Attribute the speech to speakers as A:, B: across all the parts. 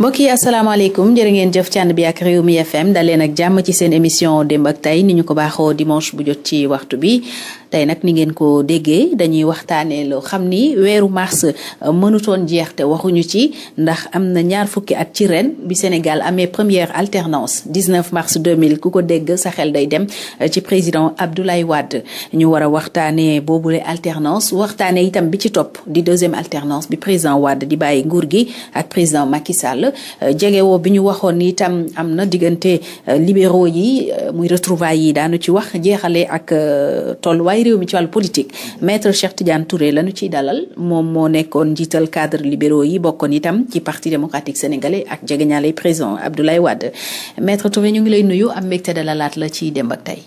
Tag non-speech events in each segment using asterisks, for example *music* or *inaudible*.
A: mbokk yi asalaamaaleykum jërë ngeen jëf ci bi ak réew mi FM daleen ak jàmm ci seen émission démb ak tay ni ñu ko baaxoo dimanche bu jot ci waxtu bi tey nag ni ngeen ko déggee dañuy waxtaanee loo xam ni weeru mars euh, mënutoon jeexte waxuñu ci ndax am na ñaar fukki at ci ren bi Sénégal amee première alternance 19 mars 2000 ku ko dégg sa xel day dem euh, ci président Abdoulaye Wade ñu war a waxtaanee boobule alternance waxtaanee itam bi ci topp di deuxième alternance bi président Wade di bàyyi nguur gi ak président Macky Sall euh, jegewoo bi ñu waxoon itam am na diggante libéraux yi muy retrouvailles yi daanu ci wax jeexale ak tolluwaay réew mi ci wàllu politique maître Cheikh Tidiane Touré lañu ciy dalal moom moo nekkoon njiital cadre libéraux yi bokkoon itam ci parti démocratique sénégalais ak jegeñaale président Abdoulaye Wade maître Touré ñu ngi lay nuyu am mbégte dalalaat la ci démb
B: ak tey.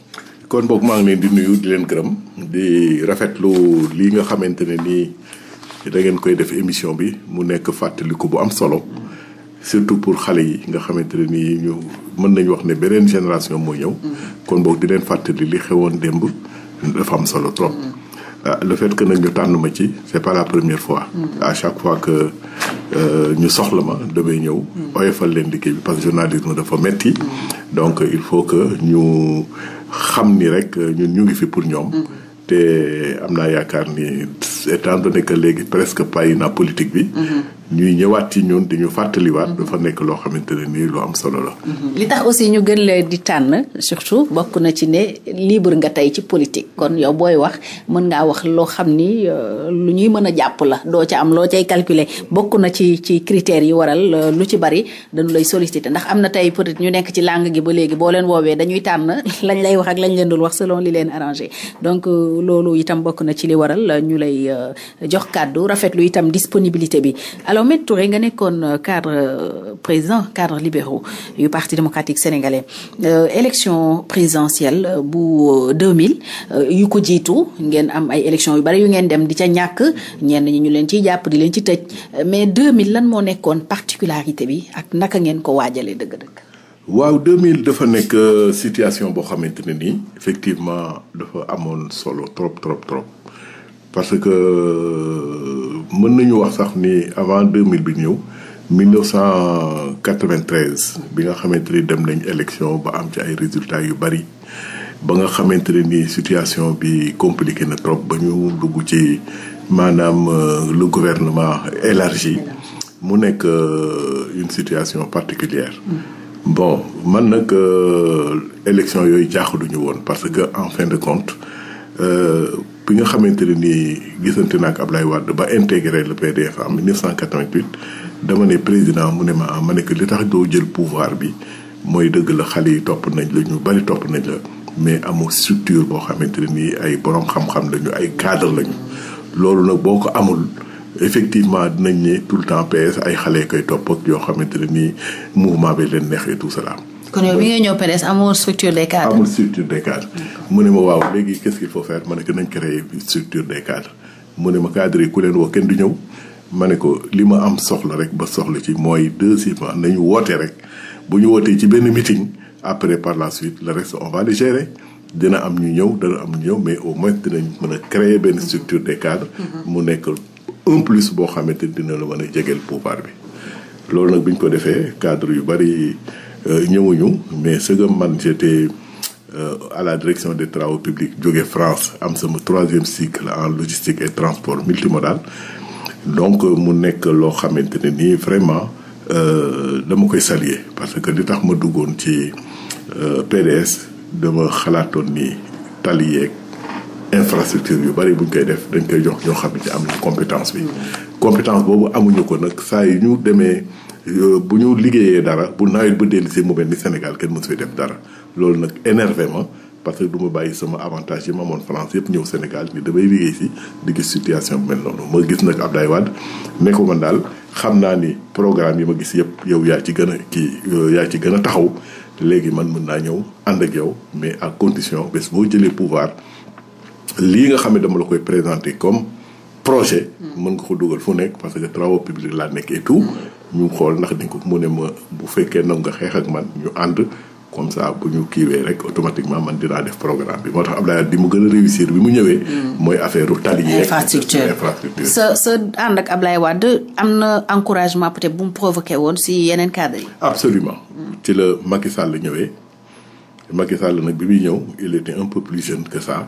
B: kon boog maa ngi leen di nuyu di leen gërëm di lu lii nga xamante ne nii da ngeen koy def émission bi mu nekk fàttaliku bu am solo. surtout pour xale yi nga xamante ne nii ñu mën nañu wax ne beneen génération moo ñëw. Mm-hmm. kon boog di leen fàttali li xewoon démb. dafa am solo trop. Euh, le fait que nag ñu tànn ma ci c'est pas la première fois. Mm. à chaque fois que euh, ñu soxla ma damay ñëw. Mm. oyofal leen liggéey bi parce que journalisme dafa metti mm. donc il faut que ñu xam ni rek euh, ñun ñu ngi fi pour ñoom. te am naa yaakaar ni étant donné que léegi presque bàyyi na politique bi. Mm-hmm. ñuy ñëwaat ci ñun di ñu fàttaliwaat dafa nekk loo xamante ne nii lu am solo la.
A: li tax aussi ñu gën la di tànn surtout bokk na ci ne libre nga tey ci politique kon yow booy wax mën ngaa wax loo xam ni euh, lu ñuy mën a jàpp la doo ca am loo cay calculer bokk na ci ci critères yi waral euh, lu ci bari dañu lay solliciter ndax am na tey peut-être ñu nekk ci làng gi ba léegi boo leen woowee dañuy tànn *laughs* lañ lay wax ak lañ leen dul wax selon li leen arrangé donc euh, loolu itam bokk na ci li waral ñu lay jox kàddu rafetlu itam disponibilité bi. alors Maître Touré nga nekkoon euh, cadre euh, président cadre libéraux yu parti démocratique sénégalais euh, élection présidentielle bu 2000 yu ko jiitu ngeen am ay élection yu bari yu ngeen dem di ca ñàkk ñenn ñi ñu leen ciy jàpp di leen ci tëj mais 2000 lan moo nekkoon particularité bi ak naka ngeen ko waajalee dëgg-dëgg.
B: waaw 2000 dafa nekk situation boo xamante ne nii effectivement dafa amoon solo trop trop trop. parce que euh, mën nañu wax sax ni avant mille bi ñëw 1993 bi nga xamante ni dem nañ élection ba am ci ay résultats yu bari ba nga xamante ne ni situation bi compliqué na trop ba ñu dugg ci maanaam euh, le gouvernement élargi mu nekk euh, une situation particulière mm. bon man nag élection yooyu duñu woon parce que en fin de compte euh, bi nga xamante ne nii gisante na ak Ablaye Wade ba intégré le PDS en 1988 dama ne président mu ne ma ah ma ne que li tax doo jël pouvoir bi mooy dëgg la xale yi topp nañ la ñu bari topp nañ la mais amul structure boo xamante ne nii ay borom xam-xam lañu ay cadre lañu. loolu nag boo ko amul effectivement dinañ ne tout le ay xale koy topp ak yoo xamante ne nii mouvement bi leen neex et tout cela
A: kon yow bi ngay ñëw PDS amul amul structure des
B: mu ne ma waaw léegi qu'est-ce qu'il faut faire ma ne ko nañ créer structure des mu ne ma cadre ku leen woo kenn du ñëw ma ne ko li ma am soxla rek ba soxla ci mooy deuxièmement nañu wootee rek bu ñu wootee ci benn meeting après par la suite le reste on va le dina am ñu ñëw dana am ñu ñëw mais au moins dinañ mën a créer benn structure de cadres. Mm-hmm. mu nekk un plus boo xamante dina la mën a jegeel pouvoir bi. loolu nag bi ñu ko defee cadre yu bari. Euh, ñëwuñu mais sëgëm man j'étais euh, à la direction des travaux publics jóge France am sama troisième cycle en logistique et transport multimodal donc euh, mu nekk loo xamante ne nii vraiment dama koy saluer parce que li tax ma duggoon ci PDS dama xalaatoon ni tali yeeg infrastructure yu bari buñ koy def dañ koy jox ñoo xam ne am nañ compétence bi mm. compétence boobu amuñu ko nag saa yu ñu demee Euh, bu ñu liggéeyee dara bu nawet ba dellusee mu mel ni Sénégal kenn mësu fi def dara loolu nag énervé ma parce que du ma bàyyi sama avantage yi ma amoon France yëpp ñëw Sénégal ni damay liggéey si di gis situation bu mel noonu ma gis nag Abdoulaye Wade ne ko man daal xam naa ni programme yi ma gis yëpp yow yaa ci gën a kii euh, yaa ci gën a taxaw léegi man mën naa ñëw ànd ak yow mais à condition bés boo jëlee pouvoir lii nga xam ne dama la koy présenter comme projet. mën nga ko dugal fu nekk parce que travaux publics laa nekk et tout. ñu xool ndax dañ ko mu ne ma bu fekkee nangu nga xeex man ñu ànd comme ça bu ñu kiiwee rek automatiquement man dinaa def programme bi moo tax Abdoulaye di mu gën a réussir bi mu ñëwee. Mm. mooy affaire tali yi infrastructure
A: sa sa ànd ak Abdoulaye Wade am na encouragement peut-être bu mu provoqué woon si yeneen cadre yi.
B: absolument mm. ci la Macky Sall ñëwee. Macky Sall nag bi muy ñëw il était un peu plus jeune que ça.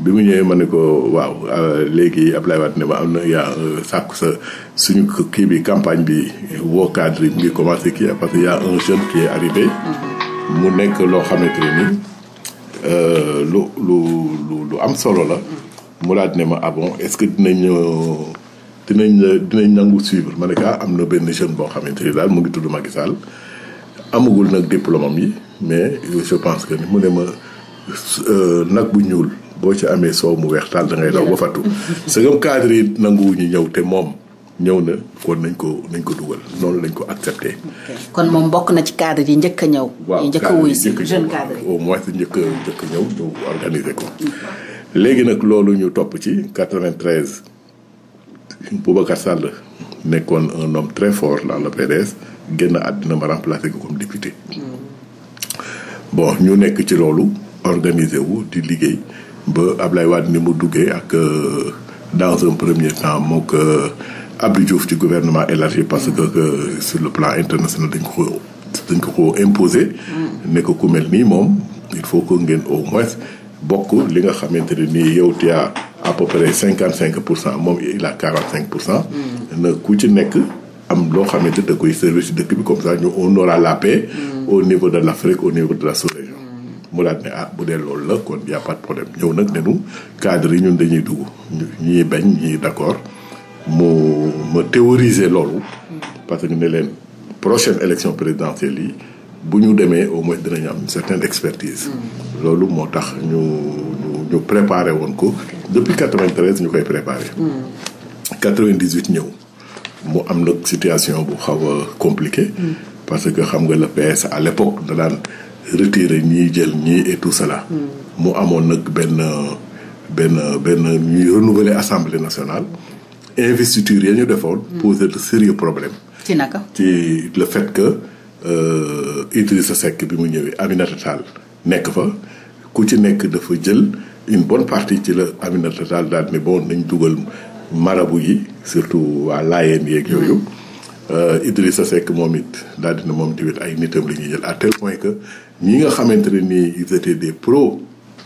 B: bi mu ñëwee ma ne ko waaw euh, léegi Abdoulaye Wade ne ma am na yaa euh, sàkku sa suñu kii bi campagne bi woo cadre mu ngi commencé kii parce que y' a un jeune qui est arrivé. Mm-hmm. mu nekk loo xamante ne ni euh, lu lu lu lu am solo la. Mm-hmm. mu laaj ne ma abon ah bon est-ce que dinañ dinañ dinañ nangu suivre ma ne ko ah, am na benn jeune boo xamante ni daal mu ngi tudd Macky amagul nag diplôme am yi mais je pense que ni mu ne ma euh, nag bu ñuul boo ci amee soow mu weex taal da ngay daw ba fattu *laughs* sëgam cadre yi ñu ñëw te moom ñëw na kon nañ ko nañ ko dugal noonu lañ ko accepté.
A: kon moom mbokk na ci cadre yi njëkk a ñëw. waaw njëkk a wuy si jeune cadre au
B: moins njëkk a njëkk a ñëw ñu organiser ko. léegi nag loolu ñu topp ci 93 Boubacar Sall nekkoon un homme très fort dans le PDS. génn àddina ma remplacé ko comme député. bon ñu nekk ci loolu organiser wu di liggéey ba Ablaye Wade ni mu duggee ak euh, dans un premier temps moo ko euh, Diouf ci gouvernement élargi parce que sur le plan international dañ ko ko dañ ko ko imposer. Mm. ne ko ku moom il faut que ngeen au moins bokk li nga xamante ne nii yow tu as à près cinq pour cent moom il a quarante cinq pour cent. Mm. na ku ci nekk. am loo xamante da koy service dëkk bi comme ça ñu on aura la paix mm. au niveau de l' Afrique de la sous-région mm. mu daal ne ah bu dee loolu la kon y' a pas de problème ñëw nag ne nu cadre yi ñun dañuy dugg ñii bañ ñii d' accord mu ma théoriser loolu mm. parce que ne leen prochaine élection présidentielle yi bu ñu demee au moins dinañu am une certaine expertise loolu moo tax ñu ñu préparer woon ko depuis 93 ñu koy préparé 98 ñëw mu am nag situation bu xaw a compliqué mm. parce que xam nga le PS à l'époque da daan retirer ñiy jël ñii et tout cela mm. mu amoon nag benn benn benn ñuy renouveler assemblée nationale investiture ya ñu defoon mm. poser de sérieux problème ci naka ci le fait que euh, sa Seck bi mu ñëwee Aminata Tall nekk fa ku ci nekk dafa jël une bonne partie ci la Aminata Tall daal ne bon nañ dugal marabu yi surtout waa laayeen yeeg yooyu mm. euh, Idrissa Seck moom it daal dina moom tamit ay nitam la ñuy jël à tel que ñi nga xamante ne nii ils étaient des pro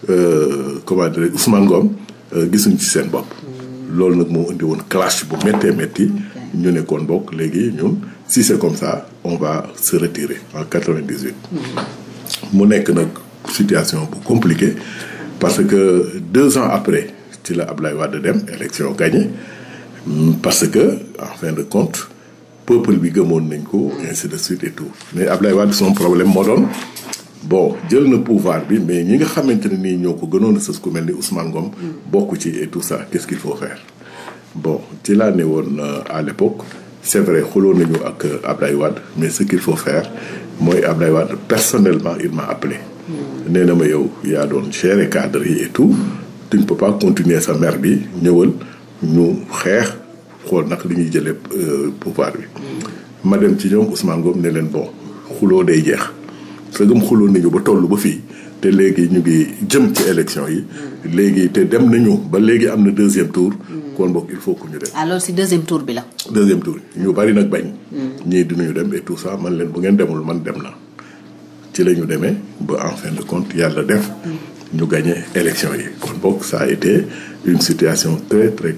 B: euh, comment dire Ousmane Ngom euh, gisuñ ci seen bopp mm. loolu nag moo indi woon clash bu méttee métti ñu nekkoon bokk léegi ñun si c'est comme ça on va se retirer en 98 mm. mu nekk nag situation bu compliquée parce que deux ans après ci la Ablaye Wade dem élection gagné mm, parce que en fin de compte peuple bi gëmoon nañ ko mm. ainsi de suite et tout mais Ablaye Wade son problème moo doon bon jël na pouvoir bi mais ñi nga xamante ne nii ñoo ko gënoon a sës ku mel ni Ousmane Ngom mm. bokk ci et tout ça qu'est-ce qu'il faut faire bon ci laa ne woon euh, à ak euh, Ablaye Wade mais ce qu'il faut faire mooy Ablaye Wade personnellement il m'a appelé nee na ma yow yaa doon gérer cadre yi et tout tu ne peux pas continuer sa mer bi ñëwal ñu xeex xool nag li ñuy jëlee euh, pouvoir bi. ma dem ci ñoom Ousmane Ngom ne leen bon xuloo day jeex sëgëm xuloo nañu ba toll ba fii te léegi ñu ngi jëm ci élection yi. léegi te dem nañu ba léegi am na deuxième tour. kon boog il faut que ñu dem.
A: alors ah, si deuxième tour bi la.
B: deuxième tour ñu bari nag bañ. Mm. ñii dinañu dem et tout ça man leen bu ngeen demul man dem na ci la ñu demee ba en fin de compte yàlla def. Mm. ñu gagné élection yi kon boog ça situation très très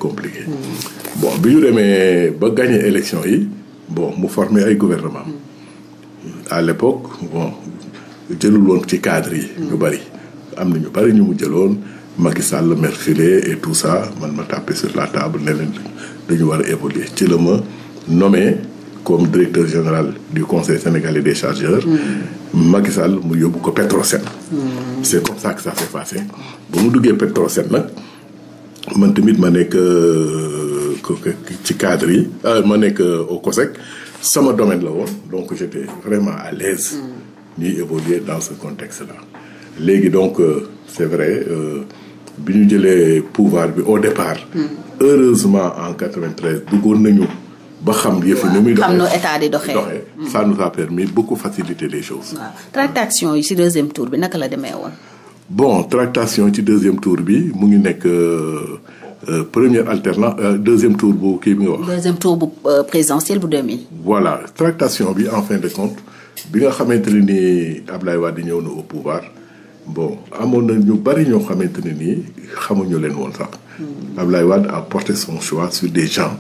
B: bi ñu demee ba gagné élection yi bon mu formé ay gouvernement mm. à l'époque bon jëlul woon ci cadre yi ñu bari am na ñu bari ñu mu jëloon Macky Sall mercredi et tout ça man ma tapé sur la table ne leen dañu war a évoluer ci la ma nommé comme directeur général du conseil sénégalais des chargeurs mm. Macky Sall mu yóbbu ko Petrosen c' est comme ça que ça s' est passé. ba mu duggee Petrosen nag man tamit ma nekk euh, ci cadre yi euh, ma nekk euh, au COSEC sama domaine la woon donc j' étais vraiment à l'aise ñuy évoluer dans ce contexte là. léegi donc c' est vrai bi ñu jëlee pouvoir bi au départ. Mm. heureusement en 93 duggoon nañu. ba xam yëfu ni muy doxee xam nu état di doxee. Mm. ça nous a permis beaucoup faciliter les choses.
A: tractation yi ci deuxième tour bi naka la demee woon.
B: bon tractation ci deuxième tour bi mu ngi nekk euh, euh, première alternance euh, deuxième tour bu kii bi nga wax.
A: deuxième tour bu présidentiel bu 2000.
B: voilà tractation bi en fin de compte bi nga xamante ni ne ni Ablaye di ñëw na au pouvoir bon amoon na ñu bari ñoo xamante ne nii xamuñu leen woon sax. Mm. lay Wade a porté son choix su des gens.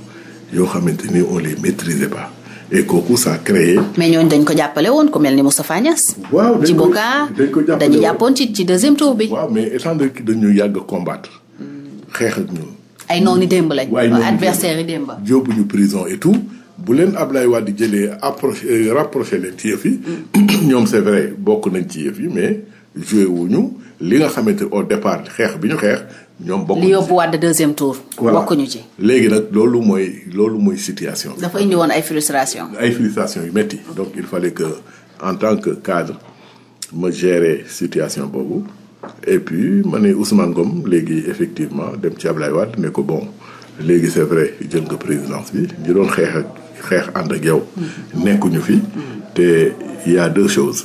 B: yoo xamante ni on les maîtrisait pas et kooku ça créé. mais ñooñu
A: dañ ko jàppale woon ko mel ni Moustapha Niass. waaw dañ ko dañ ko jàppale dañu jàppoon ci ci deuxième tour bi.
B: waaw mais étant donné que dañu yàgg combattre. xeex ak ñun.
A: ay noonu démb lañ. waaye adversaire yi démb.
B: yóbbu ñu prison et bu leen Ablaye Wade di jëlee approché euh, rapproché leen ci yëf yi. Mm. *clears throat* ñoom c'est bokk nañ ci yëf yi mais wu ñu li nga xamante au départ xeex bi ñu xeex. ñoom bokkuñu ci li
A: yóbbuwaat deuxième tour. voilà bokkuñu
B: ci. léegi nag loolu mooy loolu mooy situation bi. dafa
A: indi woon ay frustration ay
B: frustration yu métti. donc il fallait que en tant que cadre ma gérer situation boobu et puis ma ne Ousmane Ngom léegi effectivement dem ci Ablaye Wade ne ko bon léegi c'est vrai jël nga présidence bi ñu doon xeex ak xeex ànd ak nekkuñu fi. Mm. te il y deux choses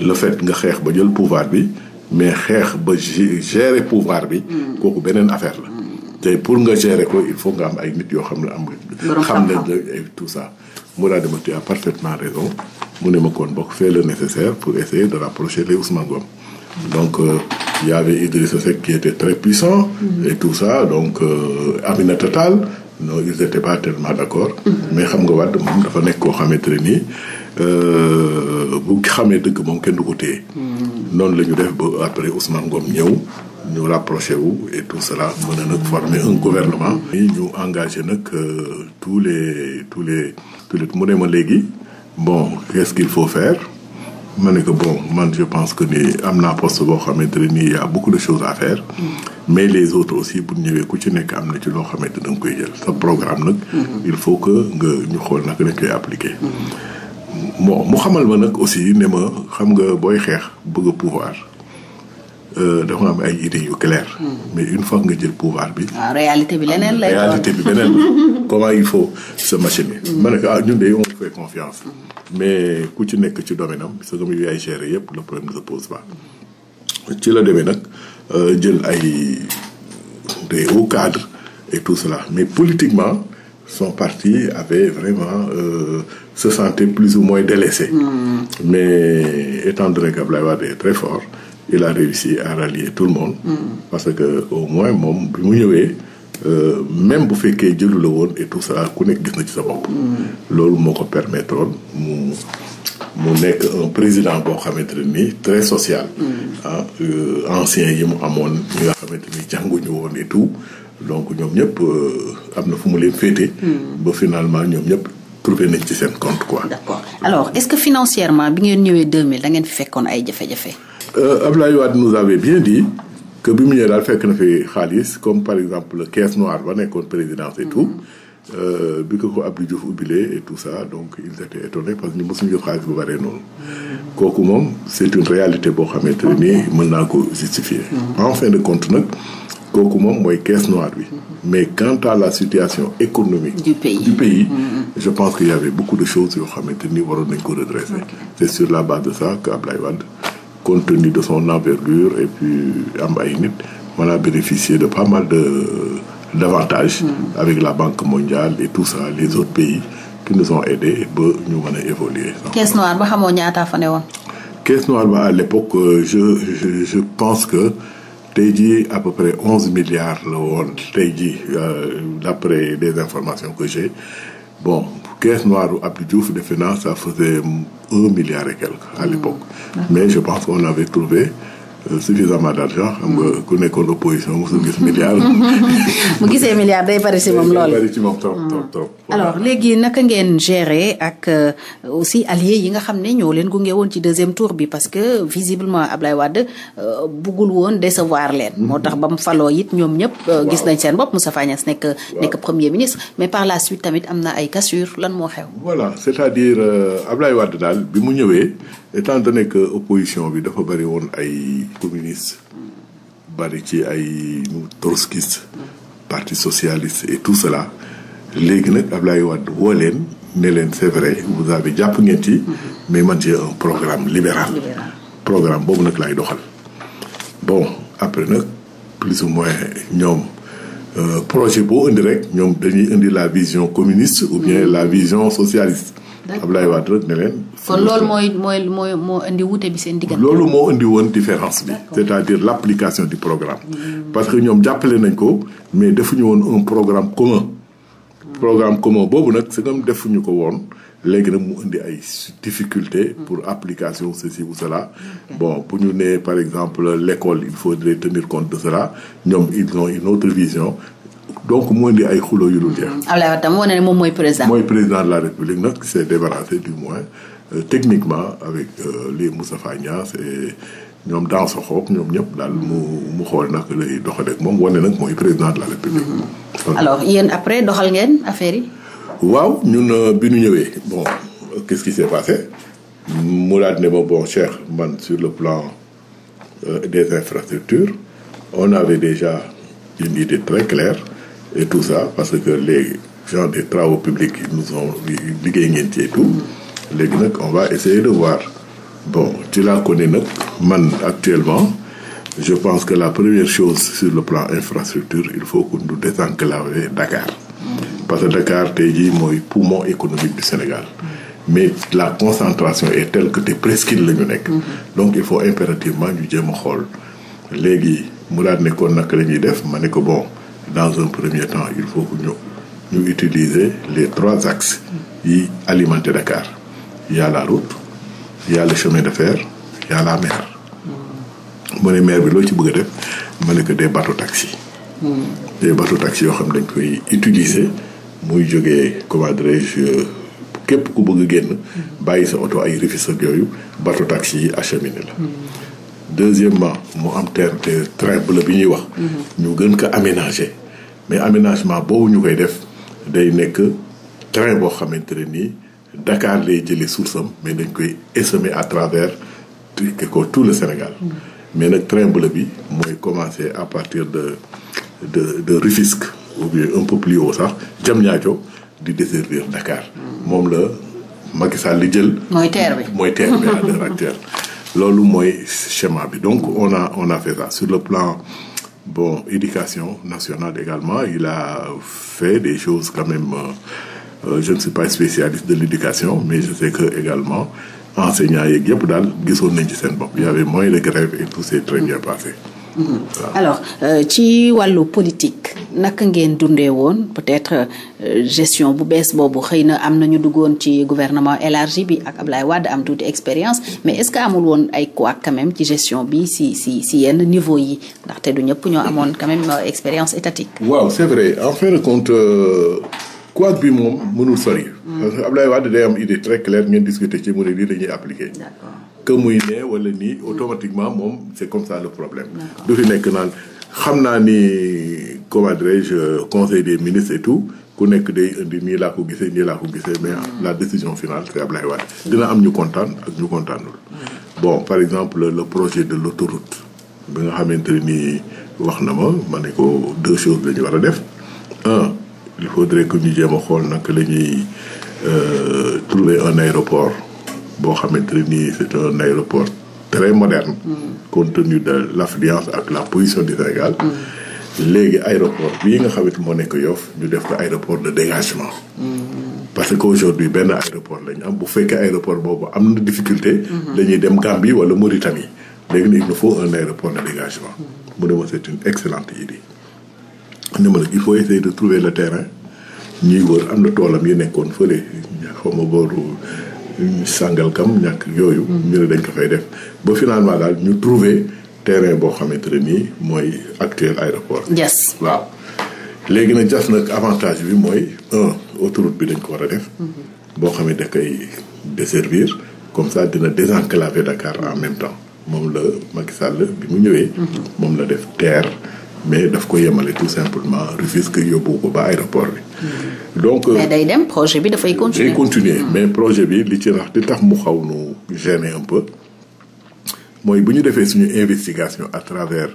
B: le fait nga xeex ba jël pouvoir bi. mais xeex ba gérer pouvoir bi. kooku beneen affaire la. Mm. te pour nga gérer ko il faut nga am ay nit yoo xam ne am nga. xam ne ay tout ça. Mourad ma tu as parfaitement raison mu ne ma kon bokk fait le nécessaire pour essayer de rapprocher les Ousmane Ngom. Mm. donc euh, il y avait Idrissa Seck qui était très puissant. Mm. et tout ça donc euh, Aminata Tall non ils pas tellement d'accord. mais xam nga Wade moom dafa nekk koo xamante ne nii. Euh, bu xamee dëgg moom kenn du ko téye. Hmm. noonu la ñu def ba après Ousmane Ngom ñëw ñu rapproché wu et tout cela mën na nag former un gouvernement. ñu engagé nag euh, tous les tous les tous les mu ne ma léegi bon qu'est-ce qu'il faut faire. ma ne que bon man je pense que ni am naa poste boo xamante ne nii y a beaucoup de choses à faire. Hmm. mais les autres aussi bu ñëwee ku ci nekk am na ci loo xamante da nga koy jël sa programme nag. Hmm. il faut que nga ñu xool nag lañ koy bon mu xamal ma nag aussi ne ma xam nga booy xeex bëgg a pouvoir euh, dafa am ay idées yu claires. Hmm. mais une fois nga jël pouvoir bi. waaw
A: ah, réalité bi leneen lay réalité bi
B: beneen *laughs* comment il faut se machiner. Hmm. ma ne ah, ñun de on fait confiance. mais ku ci nekk ci domaine am sa domaine yu ay géré yëpp le problème ne se pose pas. ci la deme nag euh, jël ay des hauts cadres et tout cela mais politiquement son parti avait vraiment. Euh, se sentait plus ou moins délaissé. Mmh. Mais étant donné qu'Abdoulaye Wade est très fort, il a réussi à rallier tout le monde. Hmm. parce que au moins moom bi mu ñëwee euh, même bu fekkee jëlu woon et tout ça ku nekk gis na ci sa bopp. Hmm. loolu moo ko permettre mu. mu nekk un président boo xamante ne nii très social. Hmm. ah euh, ancien yi mu amoon ñi nga xamante ni jànguñu woon et tout donc ñoom ñëpp euh, am na fu mu leen féete. ba finalement ñoom ñëpp trouvé nañ ci seen compte quoi. d'accord
A: alors est-ce que financièrement bi ngeen ñëwee 2000 da fi fekkoon ay jafe-jafe.
B: Euh, Abdoulaye Wade nous avait bien dit que bi mu ñëwee daal fekk na fi xaalis comme par exemple caisse noire ba nekkoon présidence et tout. Euh, bi ko ko Abdou Diouf ubbilee et tout ça donc ils étaient étonnés parce que ñu mosuñu jëf xaalis bu bare noonu. kooku moom c'est une réalité boo xamante ne nii mën naa ko justifier. Mm. en de compte nag. kooku moom mooy caisse noire bi mais quant à la situation économique du pays, mm, mm, mm. je pense qu'il y avait beaucoup de choses yoo xamante ni waroon nañ ko redresser okay. c'est sur la base de ça que Ablaye Wade compte de son envergure et puis am ay nit on a bénéficié de pas mal de euh, d'avantages avec la Banque mondiale et tout ça les autres pays qui nous ont aidés ba ñu mën a évoluer caisse
A: noire ba xamoo ñaata fa ne woon
B: caisse noire ba à l'époque euh, je pense que tey jii à peu près onze milliards la woon tey jii euh, d'après les informations que j'ai bon caisse noire Abdou Diouf defe naa ça faisait un milliard et quelque à l'époque mmh. mais je pense qu'on avait trouvé suffisamment d'argent xam nga ku nekkoon opposition mosul gis milliard. *laughs* mu gisee milliard day bari si moom lool. bari si moom hmm.
A: léegi naka ngeen gérer ak euh, aussi alliés yi nga xam ne ñoo leen gunge woon ci deuxième tour bi parce que visiblement lay Wade euh, buggul woon décevoir leen. Mhm. moo tax ba mu faloo it ñoom ñëpp. Euh, gis nañ seen bopp Moustapha Niasse nekk. nekk premier ministre mais par la suite tamit am na ay cassures lan moo xew.
B: voilà c'est-à-dire Ablaye Wade mu ñëwee. étant donné que opposition bi dafa bëri woon ay communiste bari ci ay trotskiste parti socialiste et tout cela léegi nag Ablaye Wade woo leen ne leen c'est vrai vous avez jàpp ngeen mais man j'ai un programme libéral programme boobu nag lay doxal bon après nag plus ou moins ñoom euh, projet boo indi rek ñoom dañuy indi la vision communiste ou bien mm-hmm. la vision socialiste Abdoulaye Wade rek ne leen. kon loolu mooy
A: mooy mooy moo indi wuute bi seen diggante. loolu moo
B: indi woon différence bi. c'est-à-dire l'application du programme. Mm. parce que ñoom jàppale nañ ko mais defuñu woon un programme commun. programme commun boobu nag c'est comme defuñu ko woon léegi rek mu indi ay difficultés mm. pour application ceci ou cela okay. bon pour ñu ne par exemple l'école il faudrait tenir compte de cela ñoom ils ont une autre vision donc mu indi ay xuloo yu dul jeex. Abdoulaye wane ne moom mooy président. mooy président de la république nag qui s'est débarrassé du moins euh, techniquement avec euh, les Moustapha Niasse et ñoom Dansokho ñoom ñëpp daal mu mu xool nag lay doxalee ak moom wane nag mooy président de la république. Mm -hmm. après doxal
A: ngeen affaire
B: waaw ñun euh, bi ñu ñëwee bon qu'est-ce qui s'est passé mu daal ne ma bon cher man sur le plan euh, des infrastructures on avait déjà une idée très claire. et tout ça parce que léegi gens des travaux publics ils nous ont liggéey ngeen ci et léegi nag on va essayer de voir bon ci laa ko ne nag man actuellement je pense que la première chose sur le plan infrastructure il faut que nous désenclaver Dakar parce que Dakar tey jii mooy poumon économique du Sénégal mais la concentration est telle que te presqu'île la ñu nekk donc il faut impérativement ñu jéem xool léegi mu daal ne ko naka la ñuy def ma ne ko bon dans un premier temps il faut que ñu ñu utiliser les trois axes yi alimenter Dakar il y route il chemin de fer il y mu mm. ne mer bi loo ci bëgg a def ma ne que des bateaux taxis mm. des bateaux taxis yoo xam ne dañ koy utiliser muy jóge comment dirais-je képp ku bëgg génn mm. bàyyi sa oto ay Rufisque yooyu bateau taxi yi acheminé la deuxièmement mu am terre de train bleu bi ñuy wax
C: mm-hmm.
B: ñu gën ko aménager mais aménagement boobu ñu koy def day nekk train boo xamante ne nii dakaar lay jëlee source mais dañ koy essaimer à travers ko tout le Sénégal. Mm. mais nag train bleu bi mooy commencer à partir de de de Rufisque ou bien un peu plus sax sax Diamniadio di desservir Dakar. Mm. moom la Macky Sall li jël. mooy terre bi mooy terre bi à l'heure actuelle *laughs* loolu mooy schéma bi donc on a on a fait ça sur le plan. bon éducation nationale également il a fait des choses quand même euh, euh, je ne suis pas spécialiste de l'éducation mais je sais que également enseignants yeeg yëpp daal gisoon nañ ci seen bopp il y avait moyen de grève et tout s'est très bien passé
A: alors euh, ci wàllu politique naka ngeen dundee woon peut-être euh, gestion bu bees boobu xëy na am na ñu duggoon ci gouvernement élargi bi ak Ablaye Wade am tuuti expérience mais est-ce que amul woon ay quoi quand même ci gestion si si si yenn niveau yi ndaxte du ñëpp ñoo amoon quand même euh, expérience étatique.
B: waaw c'est vrai en fin de compte bi moom mënul sori. Mm. parce que Ablaye Wade day am idée très claire ngeen discuter ci mu ne lii dañuy appliquer. que muy nee wala nii automatiquement moom c'est comme ça le problème du fi nekk naan xam naa ni comment dirais-je conseil des ministres et tout ku nekk de indi nii laa ko gisee nii laa ko gisee mais mm. la décision finale c'est Ablaye Wade mm. dina am ñu kontaan ak ñu kontaanul bon par exemple le projet de l'autoroute bi nga xamante nii wax na ma ma ne ko deux choses la war a def un il faudrait que ñu jéem a xool nag la ñuy euh, trouver un aéroport boo xamante ne nii c'est un aéroport très moderne. Mm. compte tenu la l'affluence ak la position du Sénégal. Mm. léegi aéroport bii nga xamante moo nekk Yoff ñu def ko aéroport de dégagement. Mm. parce que aujourd'hui benn aéroport lañu am bu fekkee aéroport boobu am na difficulté. Mm-hmm. dañuy dem Gambie wala Mauritanie léegi nag il nous faut un aéroport de dégagement. mu ne ma c'est une idée. ne ma nag il faut essayer de trouver le terrain ñuy wër am na toolam yu nekkoon fële xaw Sangalkam ñàkk yooyu. ñu ne dañ ko fay def ba finalement daal ñu trouver terrain boo xamante ne nii mooy actuel aéroport. Diass waaw. léegi nag Diass nag avantage bi mooy un autoroute bi dañ ko war a def. boo xam ne da koy desservir comme ça dina désenclaver Dakar en même temps moom la Macky Sall bi mu ñëwee. Mm-hmm. moom la def terre. mais daf ko yemale tout simplement Rufisque yóbbu ko ba aéroport bi. donc mais
A: projet bi dafay continuer. Hmm.
B: mais projet bi li ci rax di tax mu xaw nu gêner un peu mooy bu ñu defee suñu investigation à travers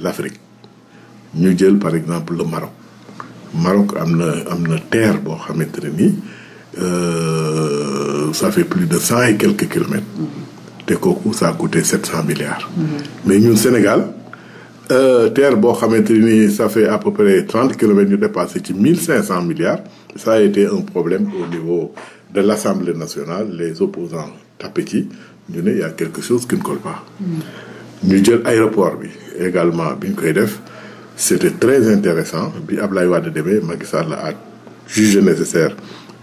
B: l'Afrique ñu jël par exemple le Maroc. Maroc am na am na terre boo xamante ne nii euh, ça fait plus de cent et quelques kilomètres. Hmm. te kooku ça a coûté sept cent milliards. Hmm. mais ñun Sénégal. Euh, terre boo xamante ni ça à peu près trente ñu dépassé ci mille cinq cent milliards ça a été un problème au niveau de l'Assemblée nationale les opposants tapé ci ñu ne y a quelque chose qui ne colle pas
C: mm.
B: ñu jël aéroport bi également bi ñu koy def c'était très intéressant bi Ablaye Wade demee Macky la a jugé nécessaire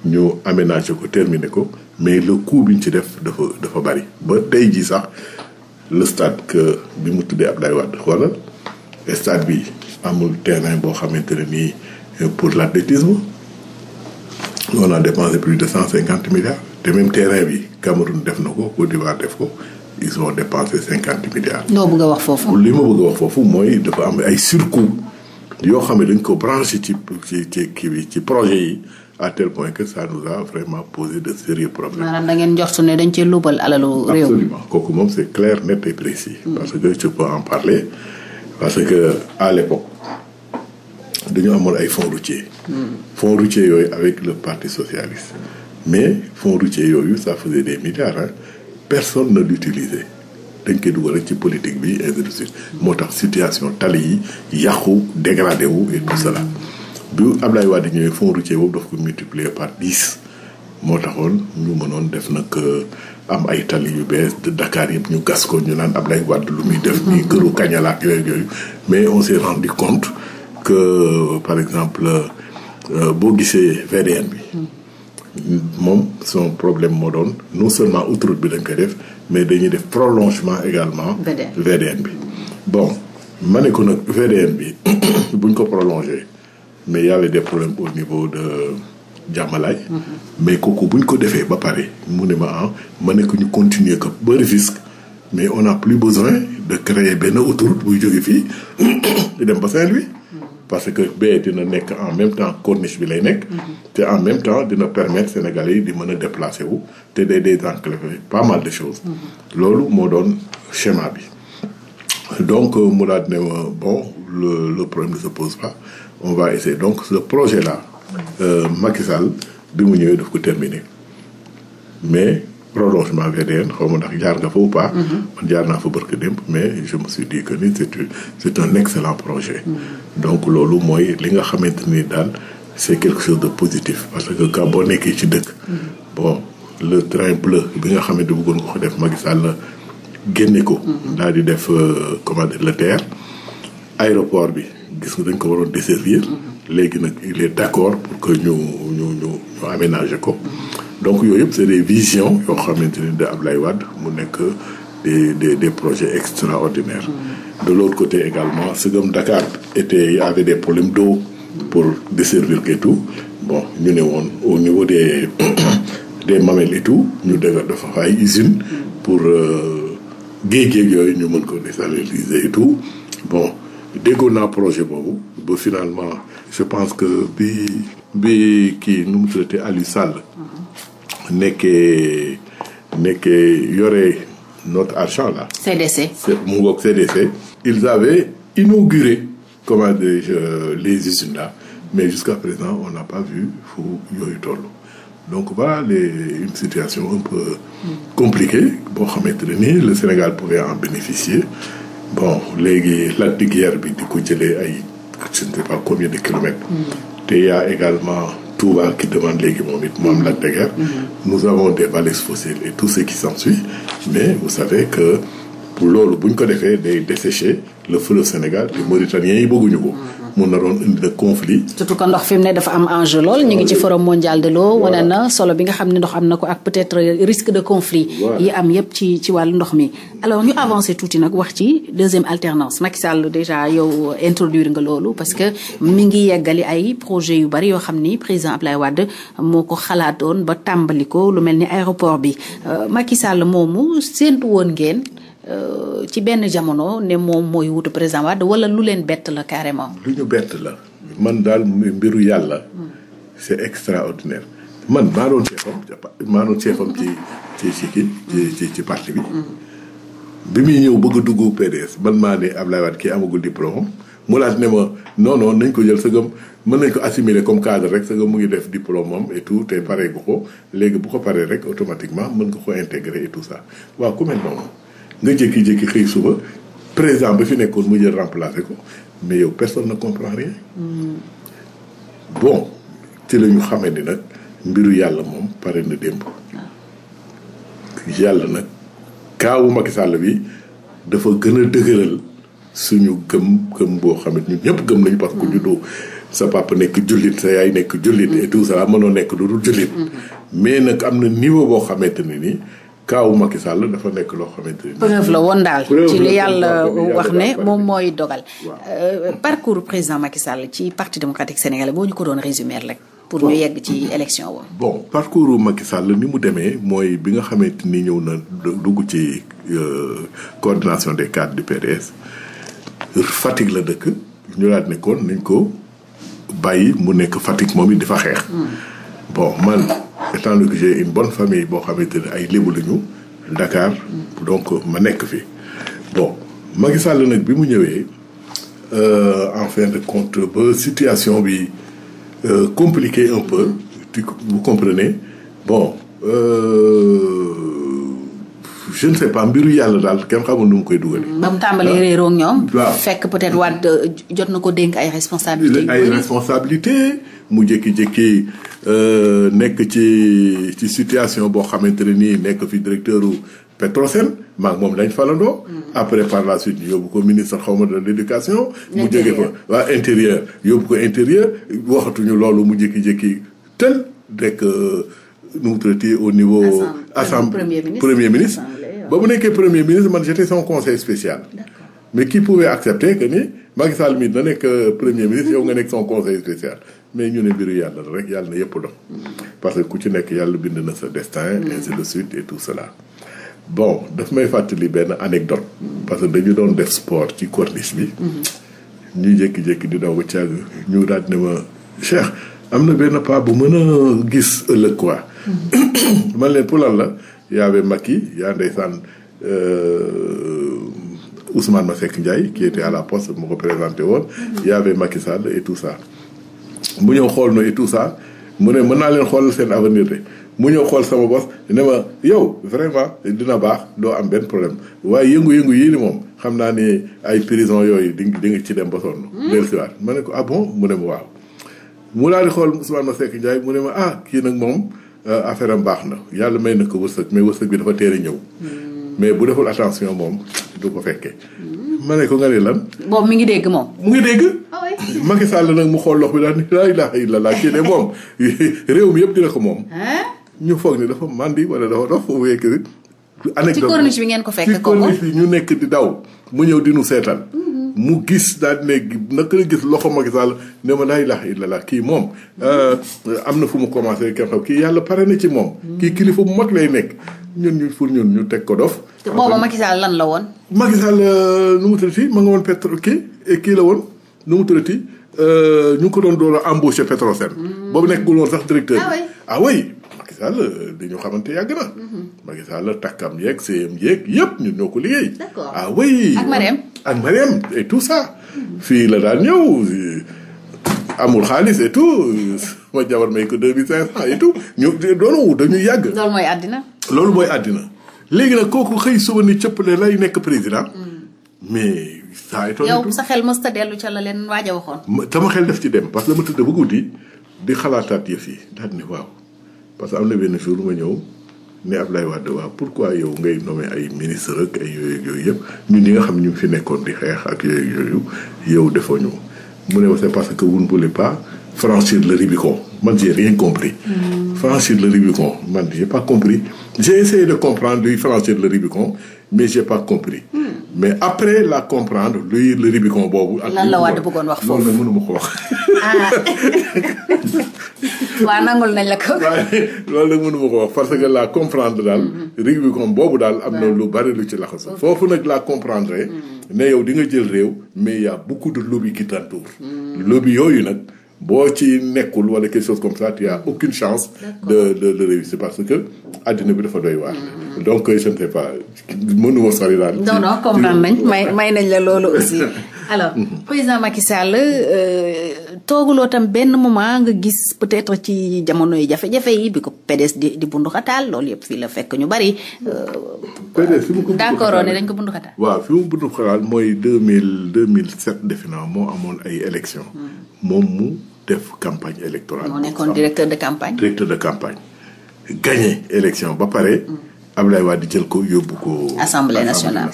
B: ñu aménager ko terminer ko mais le coût bi ñu ci def dafa dafa bari ba tey ji sax le stade que bi mu tuddee Abdoulaye Wade xoolal stade bi amul terrain boo xamante ne nii pour l'athlétisme on a dépensé plus de cent cinquante milliards te même terrain bi Cameroun def na ko Côte d'Ivoire def ko ils ont dépensé cinquante milliards. noo bëgg a wax foofu. li ma bëgg a wax foofu mooy dafa am ay surcoût yoo xam ne dañ ko branché ci ci ci kii bi ci projet yi. à tel que ça nous a vraiment posé de sérieux problèmes.
A: maanaam da ngeen njortu ne dañ cee lubal
B: alalu réew. kooku moom c'est clair net et précis. Mm. parce que je peux en parler parce que à l'époque dañu amoon ay fonds routiers. Mm. fonds routiers yooyu avec le parti socialiste mais fonds routiers yooyu ça des milliards hein personne ne l'utilisait dañ koy dugal ci politique bi ainsi moo tax situation tali yi yàqu dégradé et tout cela. Mm. bi Ablaye Wade ñëwee fonds routier boobu daf ko multiplier par dix moo taxoon ñu mënoon def nag euh, am ay tali yu bees de Dakar yëpp ñu gas ñu naan Ablaye Wade lu muy def nii këru kañalaat yooyu yooyu mais on s'est rendu compte que euh, par exemple euh, boo gisee VDN bi moom son problème moo doon non seulement autoroute bi dañ koy def mais dañuy def prolongement également VDN bi bon ma ne ko nag VDN bi *coughs* buñ ko prolongé mais il y avait des problèmes au niveau de jàmmalaay. Mm-hmm. mais kooku bu ñu ko defee ba pare mu ne ma ah ma ne ko ñu continuer ko ba Rufisque mais on a plus besoin de créer benn autoroute buy jóge fii *coughs* di dem ba Saint-Louis. Mm-hmm. parce que bee dina nekk en même temps corniche bi lay nekk. Mm-hmm. te en même temps dina permettre Sénégalais yi di mën a déplacer wu te day désenclaver pas mal de choses. loolu moo doon schéma bi. donc euh, mu daal ne bon le le problème ne se pose pas. on va essayer donc ce projet la euh, Macky bi mu ñëwee def ko terminer mais prolongement VDN xaw ma ndax jaar nga fa ou pas. Mhm. jaar naa fa barke démb mais je me suis dit que ni c'est c'est un excellent projet. Mhm. donc loolu mooy li nga xamante ni daal c'est quelque chose de positif parce que quand boo nekkee ci dëkk. Mhm. bon le train bleu bi nga xamante bëggoon ko def Macky Sall génne ko. daal di def euh, comment dire la terre aéroport bi. gis nga dañ ko waroon desservir léegi nag il est d' accord pour que ñu ñu ñu ñu aménager ko donc yooyu yëpp c' est des visions yoo xamante ni de lay Wade mu nekk des des des projets extraordinaires mm. de l' autre côté également sëgëm Dakar était avait des problèmes d' eau pour desservir et tout bon ñu ne woon au niveau des *coughs* des mamelles et tout ñu defar dafa ay usine pour euh, géej géej yooyu ñu mën ko désaliniser et tout bon déggoon na projet boobu ba finalement je pense que bi bi kii nu mu tuddati Aliou Sall nekkee nekkee yore notre argent là.
A: CDC. mu
B: ngoog CDC. ils avaient inauguré comment dirais-je euh, les usines là mais jusqu'à présent on n'a pas vu fu yooyu donc voilà les une situation un peu hmm. compliquée boo xamante ne nii le Sénégal pouvait en bénéficier. bon léegi Lac de Guiers bi di ko jëlee ay je ne sais pas combien de kilomètres. Mm. te ya a également Touba qui demande léegi moom it moom Lac de Guiers. Mm-hmm. nous avons des vallées fossiles et tout ce qui s'ensuit mais vous savez que loolu bu ñu ko defee day dessécher le fleuve Sénégal te Mauritaniens yi bëgguñu ko. Mm. mu naroon indi le conflit.
A: surtout que ndox fi mu ne dafa am enjeu lool ñu ngi ci forum mondial de l'eau. wane na solo bi nga xam ne ndox am na ko ak peut-être risque de conflit. yi am yépp ci ci wàllu ndox mi. alors ñu avancé tuuti nag wax ci deuxième alternance Macky Sall déjà yow introduire nga loolu parce que mi ngi yeggali ay projet yu bari yoo xam ni président Ablaye Wade moo ko xalaatoon ba tàmbali ko lu mel ni aéroport bi euh, Macky Sall moomu séentu woon ngeen. Euh, ci benn jamono ne moom mooy wutu président Wade wala lu leen bett la carrément.
B: lu ñu bett la. man daal mbiru yàlla. c'est extraordinaire. man maa doon seefam maa doon seefam ci ci ci ci ci parti bi. bi muy ñëw bëgg duggu dugg PDS man maa ne Ablaye Wade kii amagul diplôme mu laaj ne ma non non nañ ko jël sëgam mën nañ ko assimiler comme cadre rek sëgam mu ngi def diplôme am te pare gu ko léegi bu ko paree rek automatiquement mën nga ko intégrer et tout ça ku mel noonu. nga jékki-jékki xëy suba président ba fi nekkoon mu jël remplacer ko mais yow personne na comprend rien. Mm. bon ci la ñu xamee ni nag mbiru yàlla moom pare na démb. yàlla nag kaawu Macky Sall bi dafa gën a dëgëral suñu gëm gëm boo xam ne ñun ñëpp gëm nañu parce que mm. juddoo sa papa nekk jullit sa yaay nekk jullit mm. et tout ça mënoo nekk lu dul jullit. Mm-hmm. mais nag am na niveau boo xamante ne nii. kaawu Macky Sall dafa nekk loo xamante ni. preuve la woon daal ci li yàlla wax ne
A: moom mooy dogal. Euh, parcours président Macky Sall ci parti démocratique sénégalais boo ñu ko doon résumer rek. pour ñu yegg ci élection boobu.
B: bon parcours Macky Sall ni mu demee mooy bi nga te ni ñëw na dugg ci euh, coordination des cadres du PDS Fatick la dëkk ñu daal nekkoon nañ ko bàyyi mu nekk Fatick moom it dafa xeex. Hmm. bon man étant donné que j'ai une bonne famille boo xamante ne ay lébu lañu Dakar donc ma nekk fi bon Macky Sall nag bi mu ñëwee euh, en fin de compte bi euh, compliquée un peu tu vous comprenez bon euh, je ne sais pas mbiru yàlla daal kenn xamul nu mu koy dugal.
A: ba tàmbalee réeroo ñoom. fekk peut-être waat euh, jot na ko dénk ay responsabilités.
B: ay mu jékki-jékki euh, nekk ci ci situation boo xamante ne nii nekk fi directeur u Petrosen maak moom dañ falandoo mm. après par la suite yóbbu ko ministre xawma de l'éducation mu jege ko waa intérieur yóbbu ko intérieur waxatuñu loolu mu jékki-jékki tel rek euh, nu mu traité au niveau assemblée premier ministre ba mu nekkee premier ministre man j'étais son conseil spécial mais qui pouvait accepter que ni Macky Sall mi na nekk euh, premier ministre *laughs* yow nga nekk son conseil spécial mais ñu ne mbiru yàlla la rek yàlla na yëpp dox parce que ku ci nekk yàlla bind na sa destin et mm. ainsi de suite et tout cela bon daf may fàttali benn anecdote parce que dañu doon def sport ci corniche bi mm-hmm. ñuy jékki-jékki di daw ba càgg ñu daal ne ma Cheikh am na benn paa bu mën a gis ëllëg quoi
C: mm-hmm.
B: *coughs* man leen pour lan la yaabe Macky yaa ndeysaan euh, Ousmane ma Ndiaye qui était à la poste moo ko présenté woon mm-hmm. yaabe Macky Sall et tout ça mu ñëw xool no tout ça mu ne mën naa leen xool seen avenir de mu ñëw xool sama bos ne ma yow vraiment dina baax doo am benn problème waaye yëngu-yëngu yii ni moom xam naa ni ay prison yooyu di di nga ci dem ba si hmm? dellusiwaat ma ne ko ah mu ne ma waaw. mu daal di xool Ousmane Masseck Ndiaye mu ne ma ah kii nag moom euh, affaire am baax na yàlla may na ko wërsëg mais wërsëg bi dafa teel ñëw. Hmm. mais bu deful attention moom du ko fekkee. ma ne ko nga ne lan.
A: boobu mi ngi dégg moom. mu
B: ngi dégg. Ah Macky Sall nag mu xool lox bi daal laa ilaaha illallaah kii de moom *laughs* réew mi yëpp dina ko moom. ñu foog ni dafa màndi wala dafa dof foofu yegg anecdote ci corniche bi ngeen ko fekk ko ci corniche bi ñu nekk di daw mu ñëw di nu seetaan. Mhm. mu gis daal ne naka la gis loxo Macky Sall ne ma laa ilaaha illallaah kii moom. Mhm. Euh, am na fu mu commencé kenn xam kii yàlla pare na ci moom. kii kilifa bu mag lay nekk. ñun ñu pour ñun ñu teg ko dof. te booba Macky lan la woon. Macky Sall euh, nu mu tuddati ma nga woon pétro kii euh, kii la woon nu mu tuddati euh, ñu ngi ko doon door a embauché Petrosen. Mm. boobu nekkul woon sax directeur bi. Ah, ah oui Macky ñu xamante yàgg na. Mm-hmm. Macky Sall takkam yeeg seeyam yeeg yëpp ñu ñoo ko li d'accord ah oui ak Marème. ak Marème et tout ça. Mm-hmm. fii la daan ñëw. amul xaalis et tout ma jabar may ko deux mille cinq cent tout ñu doonu dañuy yàgg.
A: loolu mooy àddina.
B: loolu àddina léegi nag kooku xëy suba ni cëpp cëppale lay nekk président. Mm. mais saa yu yow
A: sa xel mës ta dellu ca la leen waaj a
B: waxoon. sama xel def ci dem parce que dama tëdd ba guddi di xalaataat yëf yi daal ni waaw parce que am na benn jour ma ñëw. ne Ablaye Wade waaw pourquoi yow ngay nommé ay ministre ak ay yooyu yooyu yëpp ñun ñi nga xam ñu fi nekkoon di xeex ak yooyu yow defoo ñu mu ne c'est parce que vous ne voulez pas franchir le Rubicon man j'ai rien compris. Mmh. franchir le Rubicon man j'ai pas compris j'ai essayé de comprendre lui franchir le Rubicon mais j'ai pas compris. mais après la comprendre luy le boobu. ak lan la Wade bëggoon wax foofu loolu nag mënuma wax. Ah.
C: *laughs*
A: waaw nangul nañ
B: *laughs* loolu nag mënuma ko parce que la comprendre daal. Mm-hmm. Rubicon boobu daal am na lu bari lu ci laxasu. foofu nag laa comprendre. Mm. ne yow di nga jël réew. mais y a beaucoup de lobby qui t'entoure. Mm. yooyu nag. boo ci nekkul wala quelque chose comme ça tu as aucune chance de de réussir parce que àddina bi dafa doy waar donc je ne sais pas mënuma sori daal non non nañ may may
A: nañ la loolu aussi *laughs* alors mhm. président Macky Sall euh, tooguloo tam benn moment nga gis peut-être ci jamono yi jafe-jafe yi bi ko PDS di di bunduxataal loolu yëpp fii la fekk ñu bari euh,
B: PDS fi mu ko dañ ko bunduxataal waaw fi mu bunduxataal mooy deux mille deux mille sept defe moo amoon ay élections hmm. moom mu def campagne électorale. moo nekkoon directeur de campagne. directeur de campagne gagné élection ba pare. Mm. waa di jël ko yóbbu ko. assemblée nationale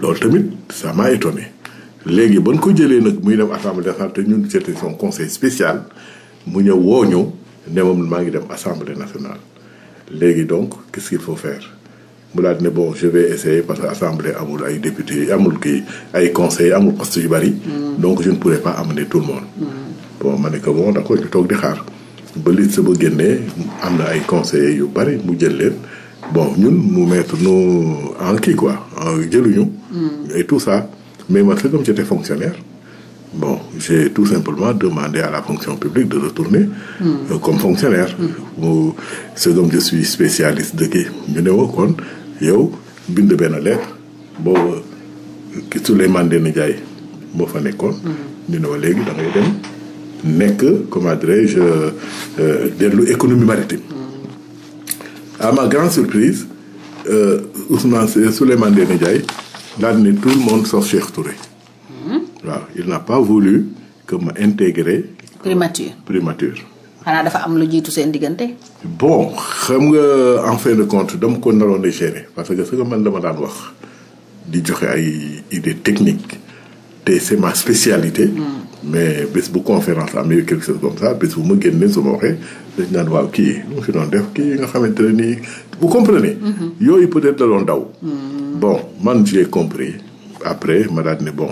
B: loolu tamit ça m'a étonné léegi ba ñu ko jëlee nag muy dem assemblée nationale te ñun c'était son conseil spécial mu ñëw woo ñëw ne moom maa ngi dem assemblée nationale. léegi donc qu'est-ce qu'il faut faire mu daal di ne bon je vais essayer parce que assemblée amul ay député amul ki ay conseil amul poste yu bari. Mm. donc je ne pourrai pas amener tout le monde. Mm. bon ma ne ko bon d' accord toog di xaar ba liste ba génnee am na ay conseillers yu bari mu jël leen bon ñun mu mettre nous en kii quoi en jëluñu. Mm. et tout ça mais man comme j'étais fonctionnaire. bon j'ai tout simplement demandé à la fonction publique de retourner mm. euh, comme fonctionnaire mu mm. ce comme spécialiste de kii ñu ne woo kon yow bind benn lettre boobu euh, Souleymane Ndéné Ndiaye moo fa nekkoon mm. ñu ne woo léegi da dem nekk comment dirais-je euh, dellu économie maritime. à ma grande surprise euh, Ousmane Souleymane Ndéné Ndiaye daal ne tout le monde sauf Cheikh Touré. Hmm. waaw il n'a pas voulu que ma intégrer. primature
A: xanaa dafa am lu jiitu seen diggante.
B: bon xam nga en fin de compte dama ko naroon de gérer parce que su ko man dama daan wax di joxe ay idées techniques te c'est ma spécialité. Hmm. mais bés bu conférence am quelque chose comme ça bés ma génne su waxee dañ naan waaw kii lu mu fi doon def kii nga xamante ne nii vous comprenez. Mm-hmm. yooyu peut-être la doon daw. Mm-hmm. bon man j'ai compris après ma daal ne bon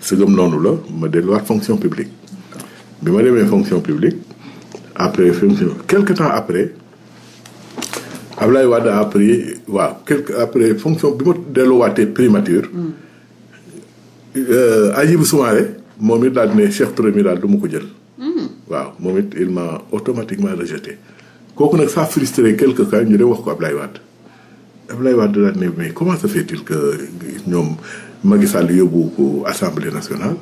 B: sëgëm noonu la ma delluwaat fonction publique bi ma demee fonction publique après fonction quelque temps après. Ablaye Wade a appris waaw quelque après fonction bi ma delluwaatee primature. Mm. Euh, Hadjibou Soumaré moom it daal di ne chef du ma ko jël. Hmm. waaw moom it il m'a automatiquement rejeté. kooku nag ça frustré quelque cas ñu dem wax ko waat Wade Ablaye Wade daal ne mais comment se fait-il que ñoom Macky Sall yóbbu ko assemblée nationale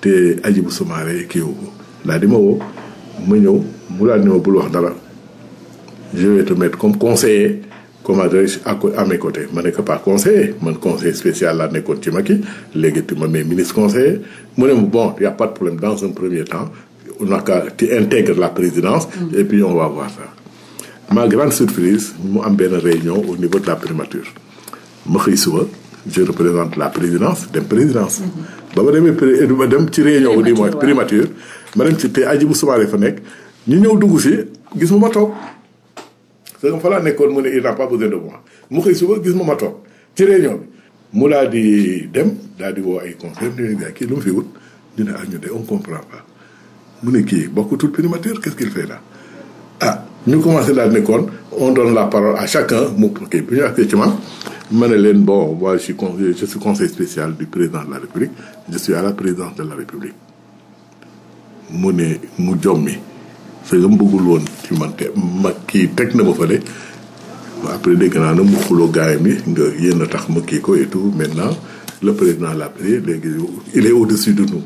B: te ajibu Soumaré kii wu ko daal di ma woo ma ñëw mu laa ne ma bul wax dara je vais te mettre comme conseiller. comment dirais-je à mes côtés ma nekk pas conseiller man conseiller spécial laa nekkoon ci Macky léegi tu ma mets ministre conseiller mu ne ma bon y a pas de problème dans un premier temps on a qu'à tu la présidence mm. et puis on voir ça ma grande surprise mu am benn réunion au niveau de la primature ma xëy suba je représente la présidence dem présidence mm-hmm. ba ma demee ma dem ci réunion du moins primature ma dem ci te Hadjibou Soumaré fa nekk ñu ñëw dugg si gis ma ma toog sëñ fa laa nekkoon mu ne il n'a pas besoin de mu xëy suba gis ma ma toog ci réunion mu laa di dem daal di woo ay conseil mu ne kii lu mu fi wut dina ah ñu de on comprend pas mu ne kii bokkutul primature qu'est-ce qu'il fait là ah ñu commencé daal nekkoon on donne la parole à chacun mu kii bi ñu àgsee ci man ma ne leen bon moi je suis conseil je suis conseil spécial du président de la république je à la présidence de la république mu ne mu jommi parce que ci man te ma kii teg na ma fële après dégg naa na mu xuloo gaayam yi nga yéen a tax ma kii ko et tout maintenant le président l'a pris léegi il est au-dessus de nous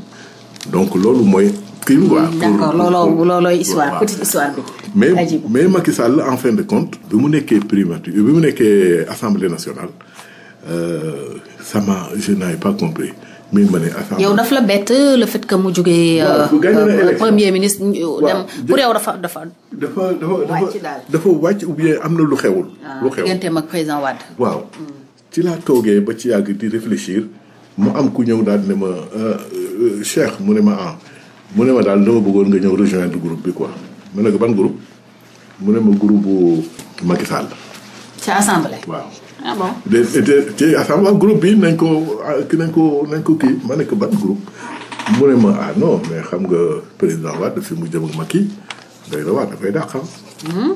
B: donc loolu mooy kii quoi d'accord looloo loolooy histoire mais mais Macky Sall en fin de compte bi mu nekkee primature bi mu nekkee assemblée nationale sama euh, je n'avais pas compris muy mëne assemblée. yow daf
A: la bett le fait que mu jugee. Euh, euh, premier ministre dem pour yow dafa dafa.
B: dafa dafa dafa wàcc ou bien am na lu xewul. Ah, lu xewul digganteem ak président Wade. waaw hmm. ci laa toogee ba ci yàgg di réfléchir mu am ku ñëw daal ne ma euh, Cheikh mu ne ma ah mu ne ma daal dama bëggoon nga ñëw rejoindre groupe bi quoi mën ne ban groupe mu ne ma groupe bu Macky Sall.
A: ca assemblée ah bon
B: de te assemblée groupe bi nañ ko ki nañ ko nañ ko kii ma ne ko ban groupe. mu ne ma ah non mais xam nga président Wade fi mu jëm ak Macky day la waat dafay dàqam. Hmm?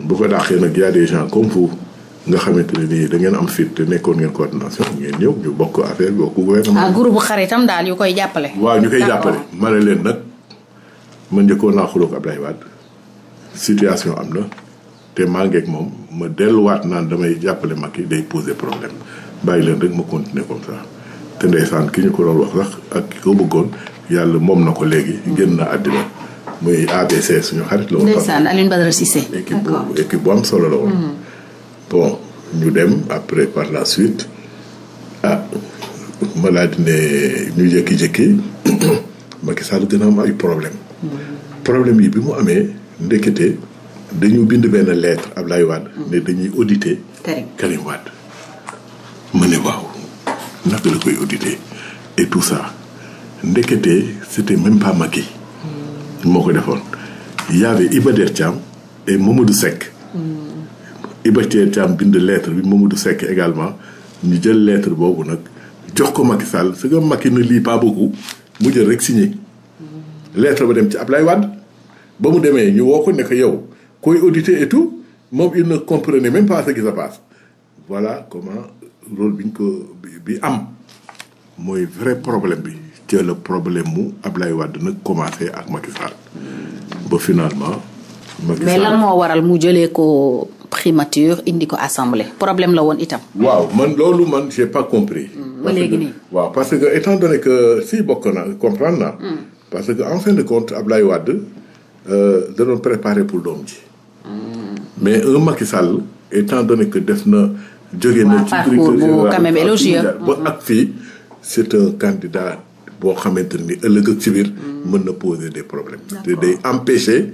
B: bu ko dàqee nag y a des gens nga xamante ne nii da ngeen am fit te nekkoon ngeen coordination ngeen ñëw ñu bokk affaire bokk gouvernement. ah groupe
A: xaritam daal yu koy jàppale.
B: waaw ñu koy jàppale ma ne leen nag ma njëkkoon naa xuloo ab Abdoulaye Wade situation am na. te maa ngeeg moom ma delluwaat naan damay jàppale Macky day poser problème bàyyi leen rek ma continuer comme ça te ndeysaan ki ñu ko doon wax sax ak ki ko bëggoon yàlla moom na ko léegi génn na àddina muy ABC suñu xarit la woon. ndeysaan
A: Alioune Badara Cissé. équipe bu
B: équipe bu solo la woon.
A: Mm-hmm.
B: bon ñu dem après par la suite ah ma laa di ne ñu jékki-jékki *coughs* Macky Sall dina am ay problème
C: mm-hmm.
B: problème yi bi mu amee ndekete. dañu bind benn lettre Ablaye Wade. ne dañuy auditer. Karim Wade. ma ne waaw naka la koy auditer et tout ça ndekete c'était même pas moo ko defoon y avait Iba Der Thiam et Mamadou Seck. Hmm. Iba Der bind lettre bi Mamadou Seck également ñu jël lettre boobu nag jox ko Macky Sall su ko Macky ne lii pas mu jël rek si signé. Hmm. lettre ba dem ci Ablaye Wade ba mu demee ñu woo ko ne yow. koy auditer et tout moom il ne comprenait même pas ce qui se passe voilà comment rôle ko bi am mooy vrai problème bi te le problème mu Ablaye Wade nag commencé ak Macky Sall ba finalement. Macky Sall
A: mais waral mu jëlee ko primature indi ko assemblée problème la woon itam.
B: waaw man loolu man j'ai pas compris. Mm, ba léegi nii waaw parce que étant donné que si bokk na comprendre naa. Mm. parce que en fin de compte Ablaye Wade euh, da doon préparé pour doom ji. mais un Macky Sall étant donné que def na jóge na ci directeur général ba ak fii c'est un candidat boo xamante ni ëllëg ak ci biir mën na poser des problèmes te day empêcher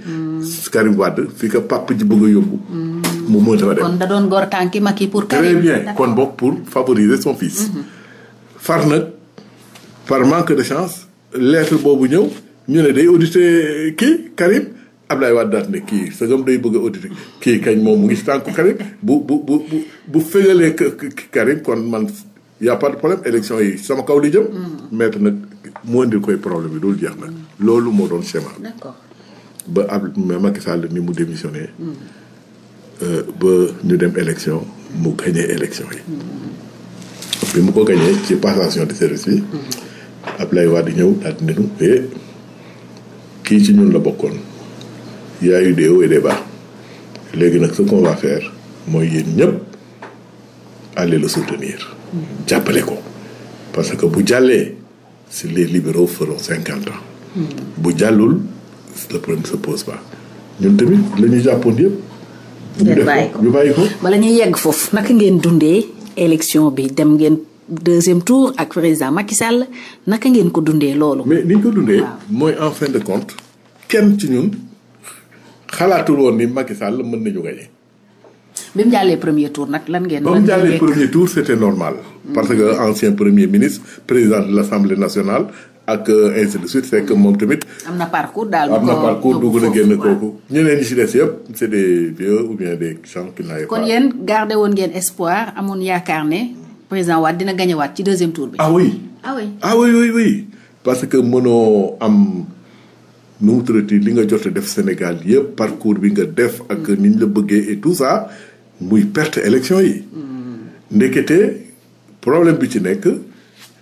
B: Karim Wade fi ko pàpp ji bëgg a yóbbu mu mën dafa dem kon
A: da doon góor tànki Macky pour Karim bien kon
B: bokk pour favoriser son fils mhm. far nag par manque de chance lettre boobu ñëw ñu ne day auditer kii Karim Ablaye Wade daat ne kii sagam day bëgg a kii kañ moom mu ngi si tànku Karim bu bu bu bu bu fégalee Karim kon man y' a pas de problème élection yi sama kaw di jëm. Mm. maître nag mu indil koy problème bi dul jeex nag. Mm. loolu moo doon schéma bi. d'accord ba ab Macky Sall ni mu démissionné. Mm. Euh, ba ñu dem élection mu gagné élection yi. bi mu ko gagné ci passation de service bi. Ablaye Wade ñëw daal di ne eh, kii ci ñun la bokkoon. il y a eu des léegi nag ce qu'on mooy yéen ñëpp aller le soutenir. jàppale ko parce que bu jàllee si les libéraux feront cinquante bu jàllul le problème se pose pas ñun tamit la ñu jàppoon yëpp. ñu bàyyi
A: bala ñuy yegg foofu naka ngeen dundee élection bi dem ngeen deuxième tour ak président Macky Sall naka ngeen ko dundee loolu.
B: mais ni ko dundee. mooy en fin de compte kenn ci ñun. xalaatul woon ni Macky Sall mën nañu gagné.
A: bi jàllee premier tour nag lan ngeen. lan ngeen ba mu jàllee premier
B: tour c' normal. parce que ancien premier ministre président de l' assemblée nationale ak euh, ainsi de suite c' moom tamit. am na parcours daal am na parcours dugg na génn kooku. ñeneen ñi ci des yëpp c' est ou bien des gens kon yéen
A: gardé woon ngeen espoir amoon yaakaar ne président Wade dina gagné waat ci deuxième tour bi. ah oui ah oui
B: ah oui parce que mënoo am. nu mu tuddati li nga jot def Sénégal yëpp parcours bi nga def ak mm. ni la bëggee et tout ça muy perte élection yi. Mm. ndekete problème bi ci nekk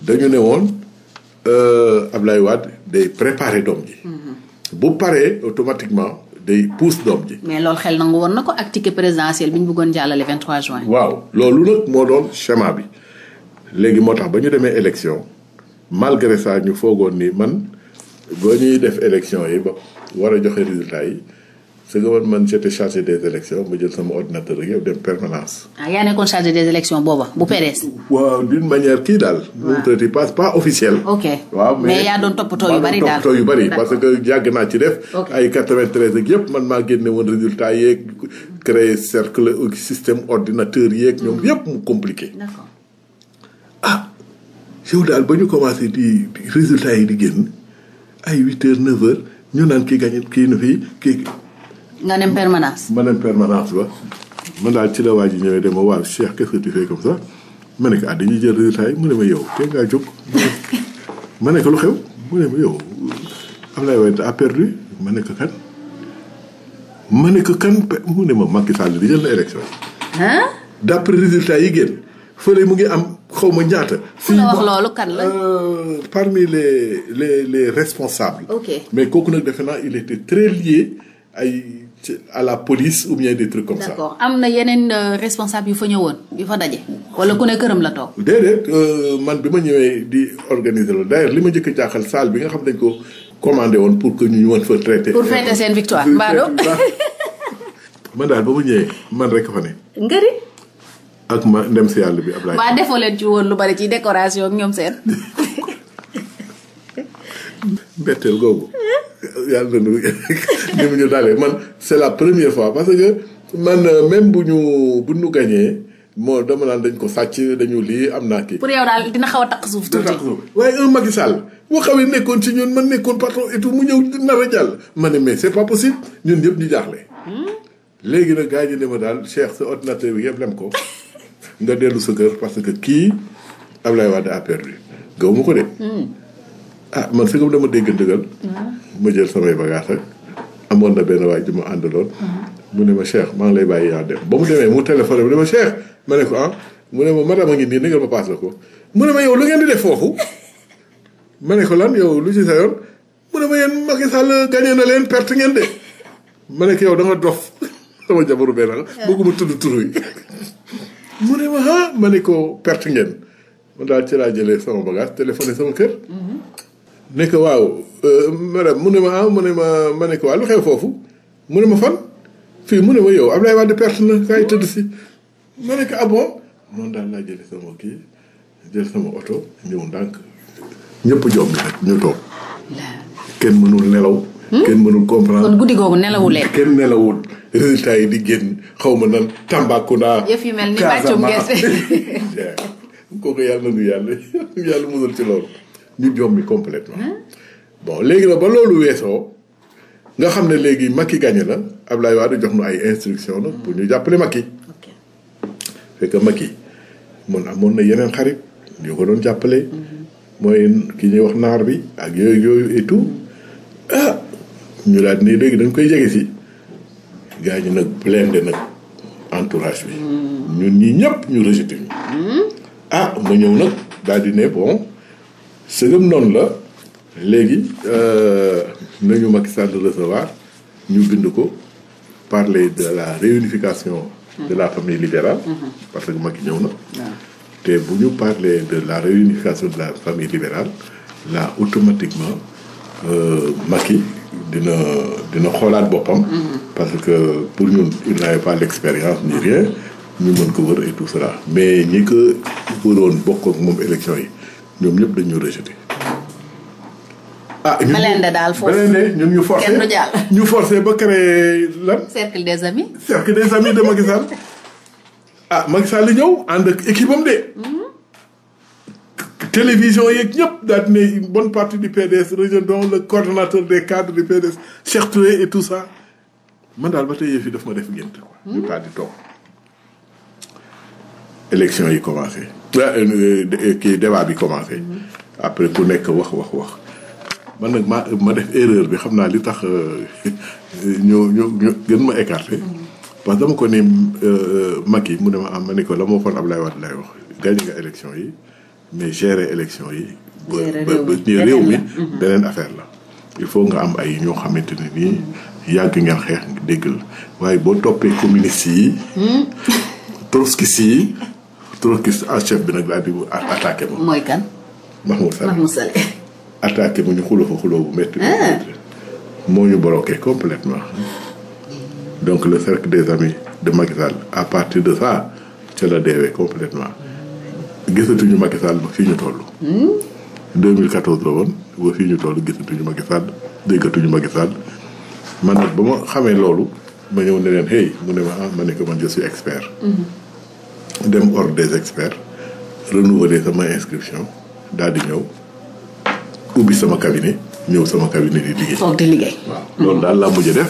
B: dañu ne woon ab euh, Ablaye waat day préparer doom ji.
C: Mm-hmm.
B: bu paree automatiquement day pousse doom ji.
A: mais loolu xel nangu woon na ko ak ticket présidentiel bi ñu bëggoon jàllale 23 juin.
B: waaw loolu nag moo doon schéma bi léegi moo tax ba ñu demee élection malgré ça ñu foogoon ni man. boo ñuy def élection yi ba war a joxe résultat yi sa gouvernement j'étais chargé des élections ma jël sama ordinateur rek yow dem permanence.
A: ah yaa nekkoon chargé des élections booba bu mm-hmm. PDS.
B: waaw d'une manière kii daal. waaw moom passe pas officiel. ok mais yaa doon
A: toppatoo yu bari yu bari parce que
B: yàgg naa ci def. ay 93 ak yëpp man maa génne woon résultat yeeg créer cercle système ordinateur yeeg ñoom mm-hmm. yëpp mu compliqué. d'accord ah yow daal ba ñu commencé di résultat yi di génn. ay huit heures ñoo heures ñu naan kii gañe kii nu fii kii.
A: nga dem permanence.
B: ma dem permanence ba man daal ci la waa ji ñëwee dama waaw Cheikh qu'est-ce que tu fais comme ma ne ko ah dañuy jël résultat yi mu ne ma yow te ngaa jóg *laughs* ma ne lu xew mu ne ma yow Ablaye Wade a perdu ma ne ko kan ma ne ko kan mu ne ma Macky Sall di jël na élection yi. d'après résultat yi génn fële mu ngi am. xaw ma ñaata. si wax loolu kan la euh, parmi les les les responsables. Okay. mais kooku nag defe naa il était très lié ay à la police ou bien des trucs comme ça. d'accord
A: am na yeneen euh, responsable yu fa ñëwoon yu fa daje. wala ku ne këram la toog.
B: déedéet euh, man bi ma ñëwee di organiser loolu d'ailleurs li ma jëkk a jaaxal salle bi nga xam dañ ko commandé woon pour que ñu mën fa traité. pour fêter seen
A: victoire Mbado. *laughs*
B: *laughs* man daal ba ma ñëwee man rek fa ne. ngëri. ak ma dem si yàlla bi Ablaye. waa
A: defoo leen ci woon lu bari ci décoration ak ñoom seen.
B: mbetteel na *laughs* ni mu ñu dalee man c'est la première fois parce que man euh, même bu ñu bu ñu gañee moo dama naan dañ ko sàcc dañu lii am naa kii. pour
A: yow daal dina xaw a takk suuf tuuti.
B: waaye un Macky Sall boo xawee nekkoon ci ñoon man nekkoon patron et mu ñëw nar a jàll ma ne mais c'est pas possible ñun ñëpp ñu jaaxle. Hmm? léegi nag gaa yi ne ma daal Cheikh sa ordinateur bi yëpp lem ko. *laughs* nga dellu sa kër parce que kii Ablaye Wade a bi gaw ma ko de. Hmm. ah man sëgam dama dégg ndëgal
C: hmm.
B: ma jël samay bagages ak amoon na benn waay ji ma àndaloon. Hmm. mu ne ma Cheikh maa ngi lay bàyyi yaa dem ba mu demee mu téléphoné bi ne ma Cheikh ma ne ko ah mu ne ma madame a ngi nii négal ma paas la ko mu ne ma yow lu ngeen di def foofu ma ne ko lan yow lu ci sa yoon mu ne ma yéen Macky Sall gagné na leen perte ngeen de ma ne ko yow da nga dof *laughs* sama jabaru benn ah. bëgguma tudd tur mu ne ma ah ma ne ko perte ngeen man daal ci laa jëlee sama bagage téléphoné sama kër. ne ko waaw euh, madame mu ne ma ah mu ne ma ma ne ko waa lu xew foofu mu ne ma fan fii mu ne ma yow Abdoulaye Wade perte na kaay tëdd si ma ne ko ah bon noonu daal laa jëlee sama kii jël sama oto ñëw ndànk ñëpp joom bi ñu toog kenn mënul nelaw. Hmm? kenn mënul comprendre. kon guddi googu nelawu kenn nelawul résultat yi di génn xaw ma nan Tambacounda. yëf
A: yu mel ni bàccum gerte
B: *laughs* kooku yàlla nu yàlla *laughs* yàlla mënul ci loolu ñu jommi complètement hmm? bon léegi nag ba loolu weesoo nga xam ne léegi Macky gagné na Abdoulaye Wade jox nu ay instruction na ñu jàppale Macky fekk Macky mun amoon na yeneen xarit ñu ko doon jàppale mhm. mooy ki ñuy wax naar bi ak yooyu yooyu et ñu daal ne léegi dañ koy jege si gars ñi nag blende nag entourage bi. ñun ñii ñëpp ñu rejeté ñu. ah ma ñëw nag daal di ne bon sëgëm noonu la léegi euh, nañu Macky Sall recevoir ñu bind ko parler de la réunification. de la famille libérale. parce que Macky ñëw na. te bu ñu parler de la réunification de la famille libérale là automatiquement euh, Macky dina dina xoolaat boppam. Mm-hmm. parce que pour ñun il n'avait pas l'expérience ni rien ñu mën ko wër et tout cela mais ñi ko waroon bokk moom élection yi ñoom ñëpp dañu rejeté. ah ñun Malende ñu forcé ba créé lan.
A: cercle des amis.
B: cercle des amis de Macky ah Macky Sall ñëw ànd ak équipe de. Mm-hmm. télévision yeeg ñëpp daal di ne une bonne partie du PDS région donc le coordonnateur des cadres du PDS Cheikh Touré et tout ça man daal ba tey yëf daf ma def gént quoi. Hmm. ñu daal di toog. élection yi commencé ah, euh, euh, kii débat bi commencé. Hmm. après ku nekk wax wax wax. man nag maa ma def erreur bi xam naa li tax ñu ñu ñu gën ma écarté. Hmm. parce que dama ko ne euh, yi mu ne ma am ah, ma ne ko la ma waxoon Abdoulaye Wade lay wax gagné nga élection yi. mais gérer élection yi.
C: gérer réew mi ba réew mi
B: beneen affaire la. il faut nga am ay ñoo xamante ne nii mm-hmm. yàgg ngeen xeex dégg la waaye boo toppee communiste yi. Hmm? trotskiste yi trotskiste en ah, chef bi nag daal attaque attaqué ma. mooy kan. Mahmoud Saleh Mahmoud *laughs* ñu xuloo fa xuloo bu métti. Ah. moo ñu bloqué complètement donc le cercle des amis de Macky à partir de ça ca la deewee complètement gisatuñu Macky Sall ba fii ñu toll. 2014 hmm? la woon ba fii ñu toll gisatuñu Macky Sall déggatuñu Macky Sall man nag ba ma xamee loolu ma ñëw ne leen hey mu ne ma ah ma ne ko man je si expert. Hmm. dem ordre des experts renouveler sama inscription daal di ñëw ubbi sama cabinet. ñëw sama cabinet di liggéey. toog di liggéey. waaw loolu daal laa mujj def.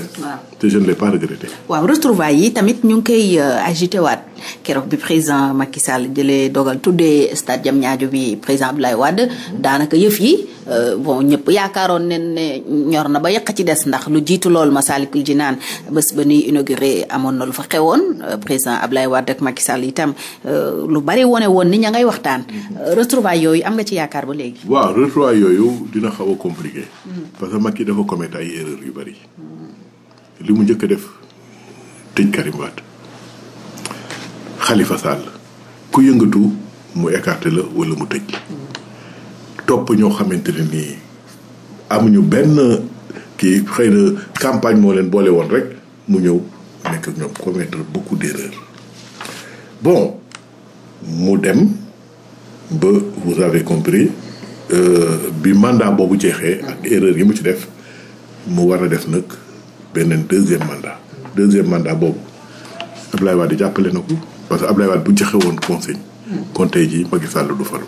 A: waaw te yi tamit ñu ngi koy euh, agité waat keroog bi président Macky Sall jëlee dogal tuddee stade Diamniadio bi président Abdoulaye Wade daanaka yëf yi. Euh, bon ñëpp yaakaaroon nen ne ñor na ba yàq ci des ndax lu jiitu loolu Masaalikul Jinaan bés ba nuy inauguré amoon na lu fa xewoon euh, président Ablaye Wade ak Macky Sall itam euh, lu bari wone woon ni ña ngay waxtaan. retrouvailles yooyu am nga ci yaakaar ba léegi.
B: waaw retrouvailles yooyu dina xaw a compliqué. parce que Macky dafa commettre ay erreurs yu bari. li mu njëkk a def tëj Karim Wade Khalifa Sall ku yëngatu mu écarté wala mu tëj. topp ñoo xamante ne nii amuñu benn kii xëy na campagne moo leen boole woon rek mu ñëw nekk ak ñoom commettre beaucoup d'erreurs bon mu dem ba vous avez compris euh, bi mandat boobu jeexee ak erreur yi mu ci def mu war a def nag beneen deuxième mandat deuxième mandat boobu Ablaye Wade jàppale na ko parce que Ablaye Wade bu joxe woon conseil kon tey jii Macky Sall du falu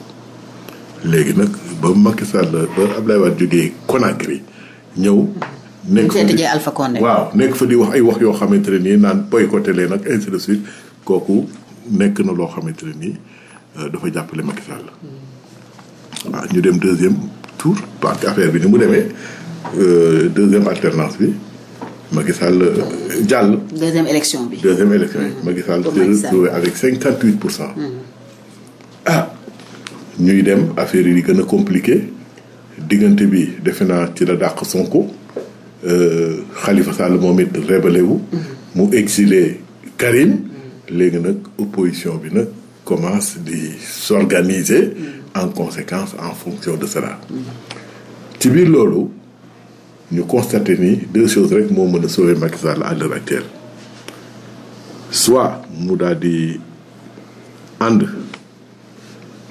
B: léegi nag ba Macky Sall ba Abdoulaye Wade jógee Conakry ñëw.
A: nekk fa di Alpha Condé waaw
B: nekk fa di wax ay wax yoo xamante ne nii naan boycotté leen ak ainsi de suite kooku nekk na loo xamante ne nii euh, dafa jàppale Macky la waaw ñu dem deuxième tour parce que affaire bi ni mu demee euh, deuxième alternance bi Macky Sall euh, jàll.
A: deuxième élection bi
B: deuxième élection bi mm. Macky Sall se retrouve avec pour cent. Mm. ah. ñuy dem affaire yi di gën a compliqué diggante bi defe naa ci la dàq Sonko xalifa euh, Sall moom it rébellé wu. Mm-hmm. mu exilé Karim. Mm-hmm. léegi nag opposition bi nag commence di s'organiser. Mm-hmm. en conséquence en fonction de cela. ci biir loolu ñu constaté ni deux choses rek moo mën a sauver Macky Sall à l'heure actuelle soit mu daal di ànd.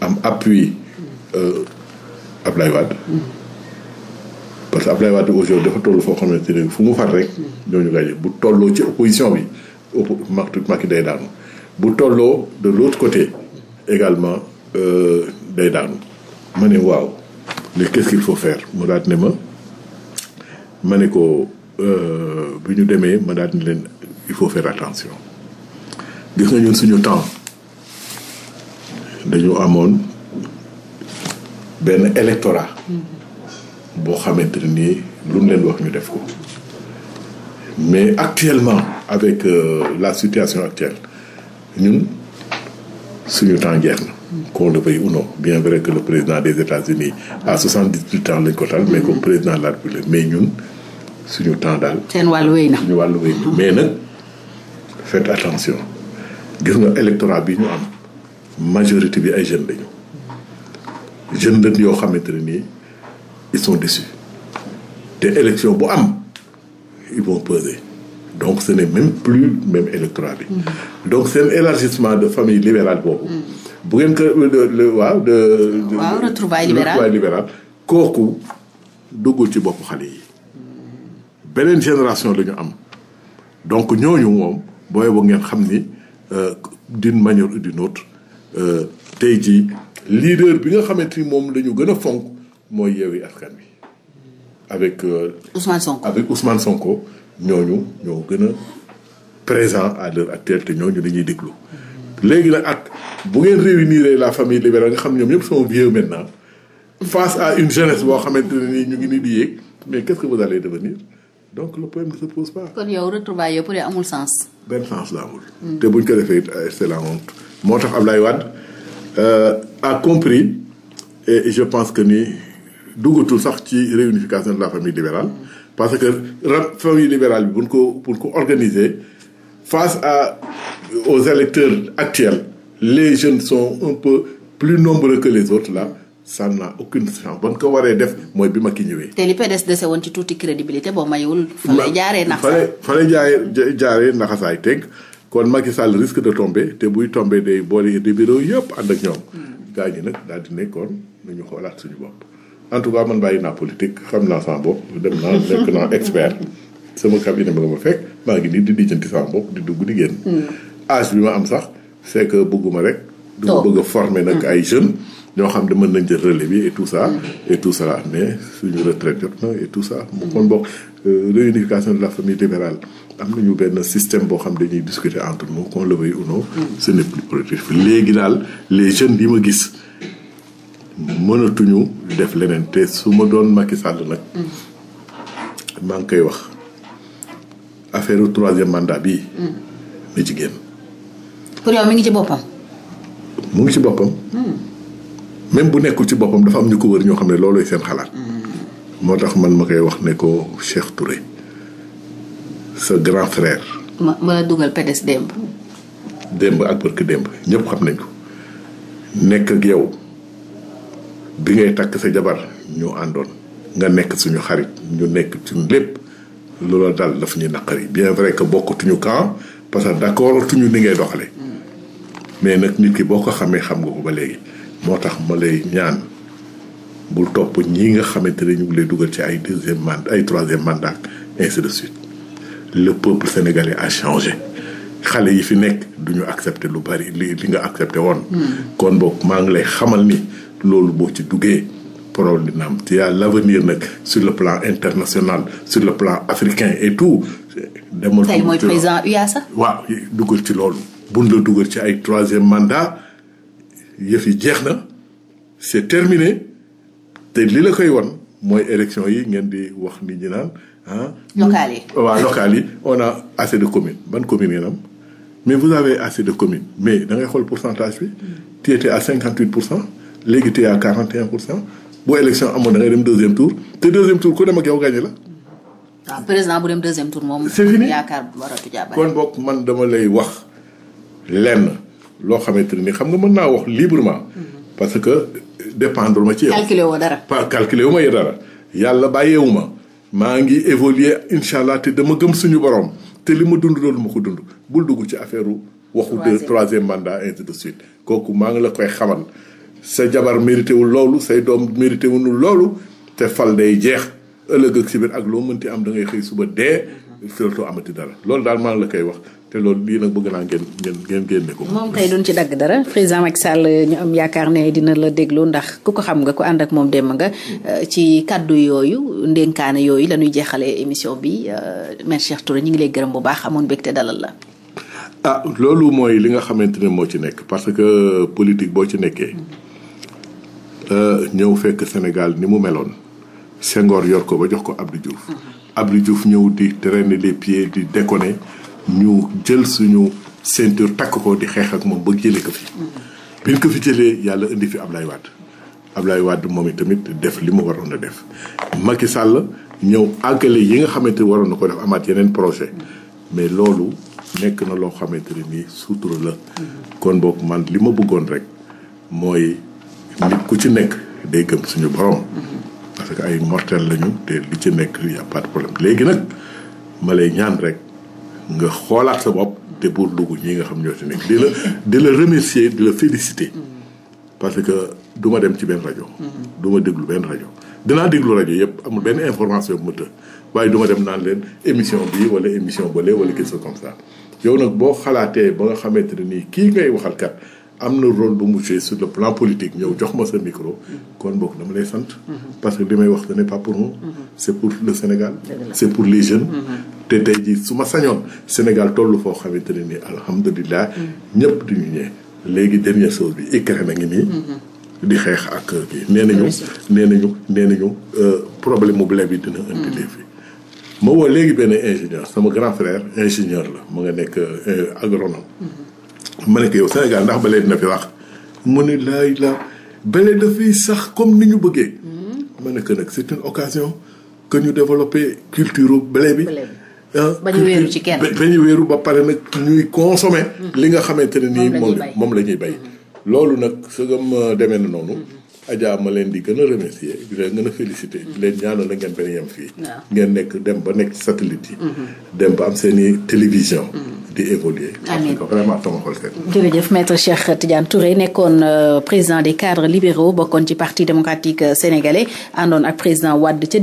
B: am appui euh, Ablaye Wade. parce que Ablaye Wade aujourd'hui dafa toll foo xamante ne fu mu far rek ñooñu gagné bu tolloo ci opposition bi Macky Macky day daanu bu tolloo de l'autre côté également euh, day daanu ma ne waaw mais qu'est-ce qu'il faut faire mu daat ne ma ma ne ko euh, bu ñu demee ma daat ne leen il faut faire attention gis nga ñun suñu temps dañu amoon benn électorat boo xamante ni lu leen wax ñu def ko mais actuellement avec euh, la situation actuelle ñun suñu temps jeex na. qu'on le veuille ou non bien vrai que le président des États-Unis à soixante dix huit ans lañ ko tal mais comme président de la République mais ñun suñu temps daal. seen wàllu wéy na suñu wàllu wéy na mais nag faites attention gis nga électorat bi ñu am. majorité bi ay jeunes lañu jeune lañ yoo xamante ne nii ils sont déçus te élection bu am ils vont peser donc ce n'est même plus même électorat bi. Mm-hmm. donc seen élargissement de famille libérale boobu. Mm-hmm. bu ngeen ko waaw de. waaw retrouvailles libérales kooku duggul ci bopp xale yi. Mm-hmm. beneen génération la am donc ñooñu moom booy bo ngeen xam ni euh, d'une manière d'une autre Euh, tey jii leader bi nga xamante ni moom la gën a fonk mooy Yewwi Askan bi avec euh, Ousmane Sonko avec Ousmane ñooñu ñoo gën a présent à l'heure actuelle te ñooñu dañuy diglu léegi nag ak bu ngeen réunir la famille libérale nga xam ne ñoom ñëpp sont vieux maintenant face à une jeunesse boo xamante ne nii ñu ngi nii di yéeg mais quest que vous allez devenir donc le problème ne par pose pas.
A: kon yow retrouvailles yooyu pour amul
B: sens. benn sens la amul. Hmm. te buñ ko defee c'est la moo tax am Ablaye Wade euh, a compris et je pense que ni duggatul sax ci réunification de la famille libérale parce que famille libérale bi buñ ko buñ ko organiser face à aux électeurs actuels les jeunes sont un peu plus nombreux que les autres là ça n'a aucune ko waree def mooy bi ma ki ñëwee.
A: te li PDS dese ci tuuti crédibilité boo mayul. fa lay jaaree naxasaay
B: fa lay jaaree jaaree naxasaay teg. kon Macky Sall risque de tomber te buy tomber day boole libéraux yëpp ànd ak ñoom. gars ñi nag daal di nekkoon nañu xoolaat suñu bopp. en tout cas man bàyyi naa politique xam naa sama bopp dem naa nekk naa expert sama cabinet ba nga ma fekk maa ngi nii di lijjanti sama bopp di dugg di génn. Hmm. âge bi ma am sax c'est que bëgguma rek. du ma bëgg a former nag ay hmm. jeunes. ñoo xam ne mën nañ jël rele bi et tout ça. Hmm. et tout ça mais suñu retraite jot na et tout ça. kon bokk euh, réunification la famille libérale. am ñu benn système boo xam ne dañuy discuter entre nous qu'on le veuille ou non ce léegi daal les jeunes yi ma gis mënatuñu def leneen te su ma doon Macky Sall nag maa ngi koy wax affaire u troisième mandat bii na jigéen génn
A: pour yow mi ngi ci boppam mu ngi ci boppam hmm.
B: même bu nekkul ci boppam dafa am ñu ko wër ñoo xam ne loolooy seen xalaat hmm. moo tax man ma koy wax ne ko Cheikh Touré sa grand frère.
A: ma ma dugal PDS démb.
B: démb ak barki démb ñëpp xam nañ ko nekk yow bi ngay takk sa jabar ñu àndoon nga nekk suñu xarit ñu nekk suñu lépp loola daal daf ñuy naqari bien vrai que bokkatuñu camp parce que d'accord tuñu ni ngay doxale mais nag nit ki boo ko xamee xam nga ko ba léegi moo tax ma lay ñaan bul topp ñi nga xamante ne ñu ngi lay dugal ci ay deuxième mandat ay troisième mandat ainsi de suite. le peuple sénégalais a changé xale yi fi nekk du ñu accepté lu bari li li nga accepté woon. Hmm. kon boog maa ngi lay xamal ni loolu boo ci duggee problème dina am te y a l'avenir nag sur le plan international sur le plan africain et tout. demal tey
A: waaw
B: dugal ci loolu. buñ la dugal ci ay troisième mandat yëf yi jeex na c'est terminé te li la koy won mooy élection yi ngeen di wax nit ñi naan. ah. local yi waaw local yi on a assez de communes ban commune ngeen am mais vous avez assez de commune mais da ngay xool centage bi. Mm. tu étais à 58 pour cent léegi tu es à 41 pour cent boo élection amoon da ngay dem deuxième tour te deuxième tour ku dem ak yow gagné la.
A: Ah, président bu dem deuxième tour moom. c'est fini yaakaar
B: waratu jàppale. kon boog man dama lay wax lenn loo xamante ni xam nga mën naa wax librement. Mm-hmm. parce que dépendre ma ci yow. calculé wu ma yàlla bàyyeewu ma. maa ngi évoluer incha allah te dama gëm suñu borom te li ma dund loolu ma ko dund bul dugg ci affaire waxu de troisième mandat ainsi de suite kooku maa ngi la koy xamal sa jabar mérité wul loolu say doom mérité wul loolu te fal day jeex ëllëg ak si biir ak loo mënti am da ngay xëy suba dee mm-hmm. surtout amati dara loolu daal maa ngi la koy wax te loolu lii nag bëgg naa ngeen ngeen ngeen génne ko.
A: moom tey duñ ci dagg dara président Macky Sall ñu am yaakaar ne dina la déglu ndax ku ko xam nga ku ànd ak moom dem nga. Euh, ci kàddu yooyu ndénkaane yooyu lañuy jeexale émission bi euh, maître Cheikh Touré ñu ngi lay gërëm bu baax amoon mbégte dalal
B: la. ah loolu mooy li nga xamante ne moo ci nekk parce que politique boo ci nekkee. Euh, ñëw fekk Sénégal ni mu meloon. Senghor yor ko ba jox ko Abdou Diouf. Mm-hmm. Abdou Diouf ñëw di traîner les pieds di ñu jël suñu ceinture takk ko di xeex ak moom ba jëlee ko fi. bi ñu fi jëlee yàlla indi fi am Ablaye Wade Ablaye Wade moom tamit def li mu waroon a def ma Macky sàll ñëw àggale yi nga xamante waroon na ko def amaat yeneen projet mais loolu nekk na loo xamante ne nii sutura la. kon boog man li ma bëggoon rek mooy nit ku ci nekk day gëm suñu borom. parce que ay mortel lañu te li ci nekk y a pas de problème léegi nag ma lay ñaan rek. nga xoolaat sa bopp te pour dugg ñi nga xam ñoo ci nekk di la di la remercier di la féliciter parce que du ma dem ci benn rajo du ma déglu benn rajo dinaa déglu rajo yëpp amul benn information bu të waaye duma dem naan leen émission bii wala émission bële wala quelque sa comme ça yow nag boo xalaatee ba nga xamante ne nii kii ngay waxal kat am na rôle bu mu joué sur le plan politique ñëw jox ma sa micro. kon boog dama lay sant. parce que li may wax ce ne pas pour nous. c'est pour le Sénégal. c'est pour les jeunes. Mm-hmm. te tey jii su ma sañoon Sénégal toll foo xamante ne nii alhamdulilah. Mm-hmm. ñëpp du ñu ñëwee. léegi dernière chose bi ICRA na ngi nii. Mm-hmm. di xeex ak kii nee nañu nee nañu nee euh, nañu problème mu blé bi dina indi lii fi ma woo léegi benn ingénieur sama grand frère ingénieur la mu nga nekk euh, agronome ma ne ko Sénégal ndax bële dina fi wax mu ne laay la bële dafay sax comme ni ñu bëggee. Hmm. ma ne ko nag c'est une occasion que ñu développer culture bële bi. Ah, ba ñu wéeru ci kenn ba ñu wéeru ba pare nag ñuy consommer. Hmm. li nga xamante ne nii moom moom la ñuy bay. Hmm. loolu nag sëgam euh, demee na noonu. Adja ma leen di gën a remercier di leen gën a féliciter di leen ñaanal la ngeen benn yem fii ngeen nekk dem ba nekk satellite yi mhm. dem ba am seen i télévision mhm. di évoluer amiin vraiment sama euh, ci euh,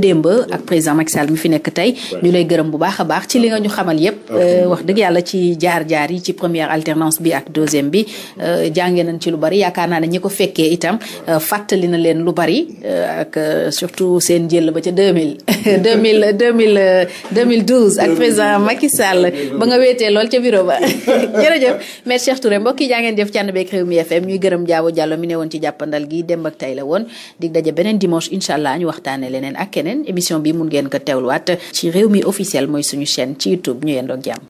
A: démb ak président Macky Sall mi fi nekk tey ñu lay gërëm bu baax a baax ci li nga ñu xamal yépp euh, wax dëgg yàlla ci jaar-jaar yi ci première alternance bi ak deuxième bi jàngee lu bari yaakaar naa ne ñi ko fekkee itam fàttali li na leen lu bari eh, ak eh, surtout seen jël ba ca 2000 2000 mille 2012 *laughs* eh, ak président Macky Sall ba nga weetee lool ca bureau ba *laughs* jërëjëf Maître Cheikh Touré mbokk yi jaa ngeen jëf cànd beeg Rewmi FM ñuy gërëm Jaabo jàll mi ne woon ci jàppandal gi démb ak tey la woon dig daje beneen dimanche incha allah ñu waxtaanee leneen ak keneen émission bi mun ngeen ko teewluwaat ci Rewmi officiel mooy suñu chaîne ci YouTube ñu yendoog jàmm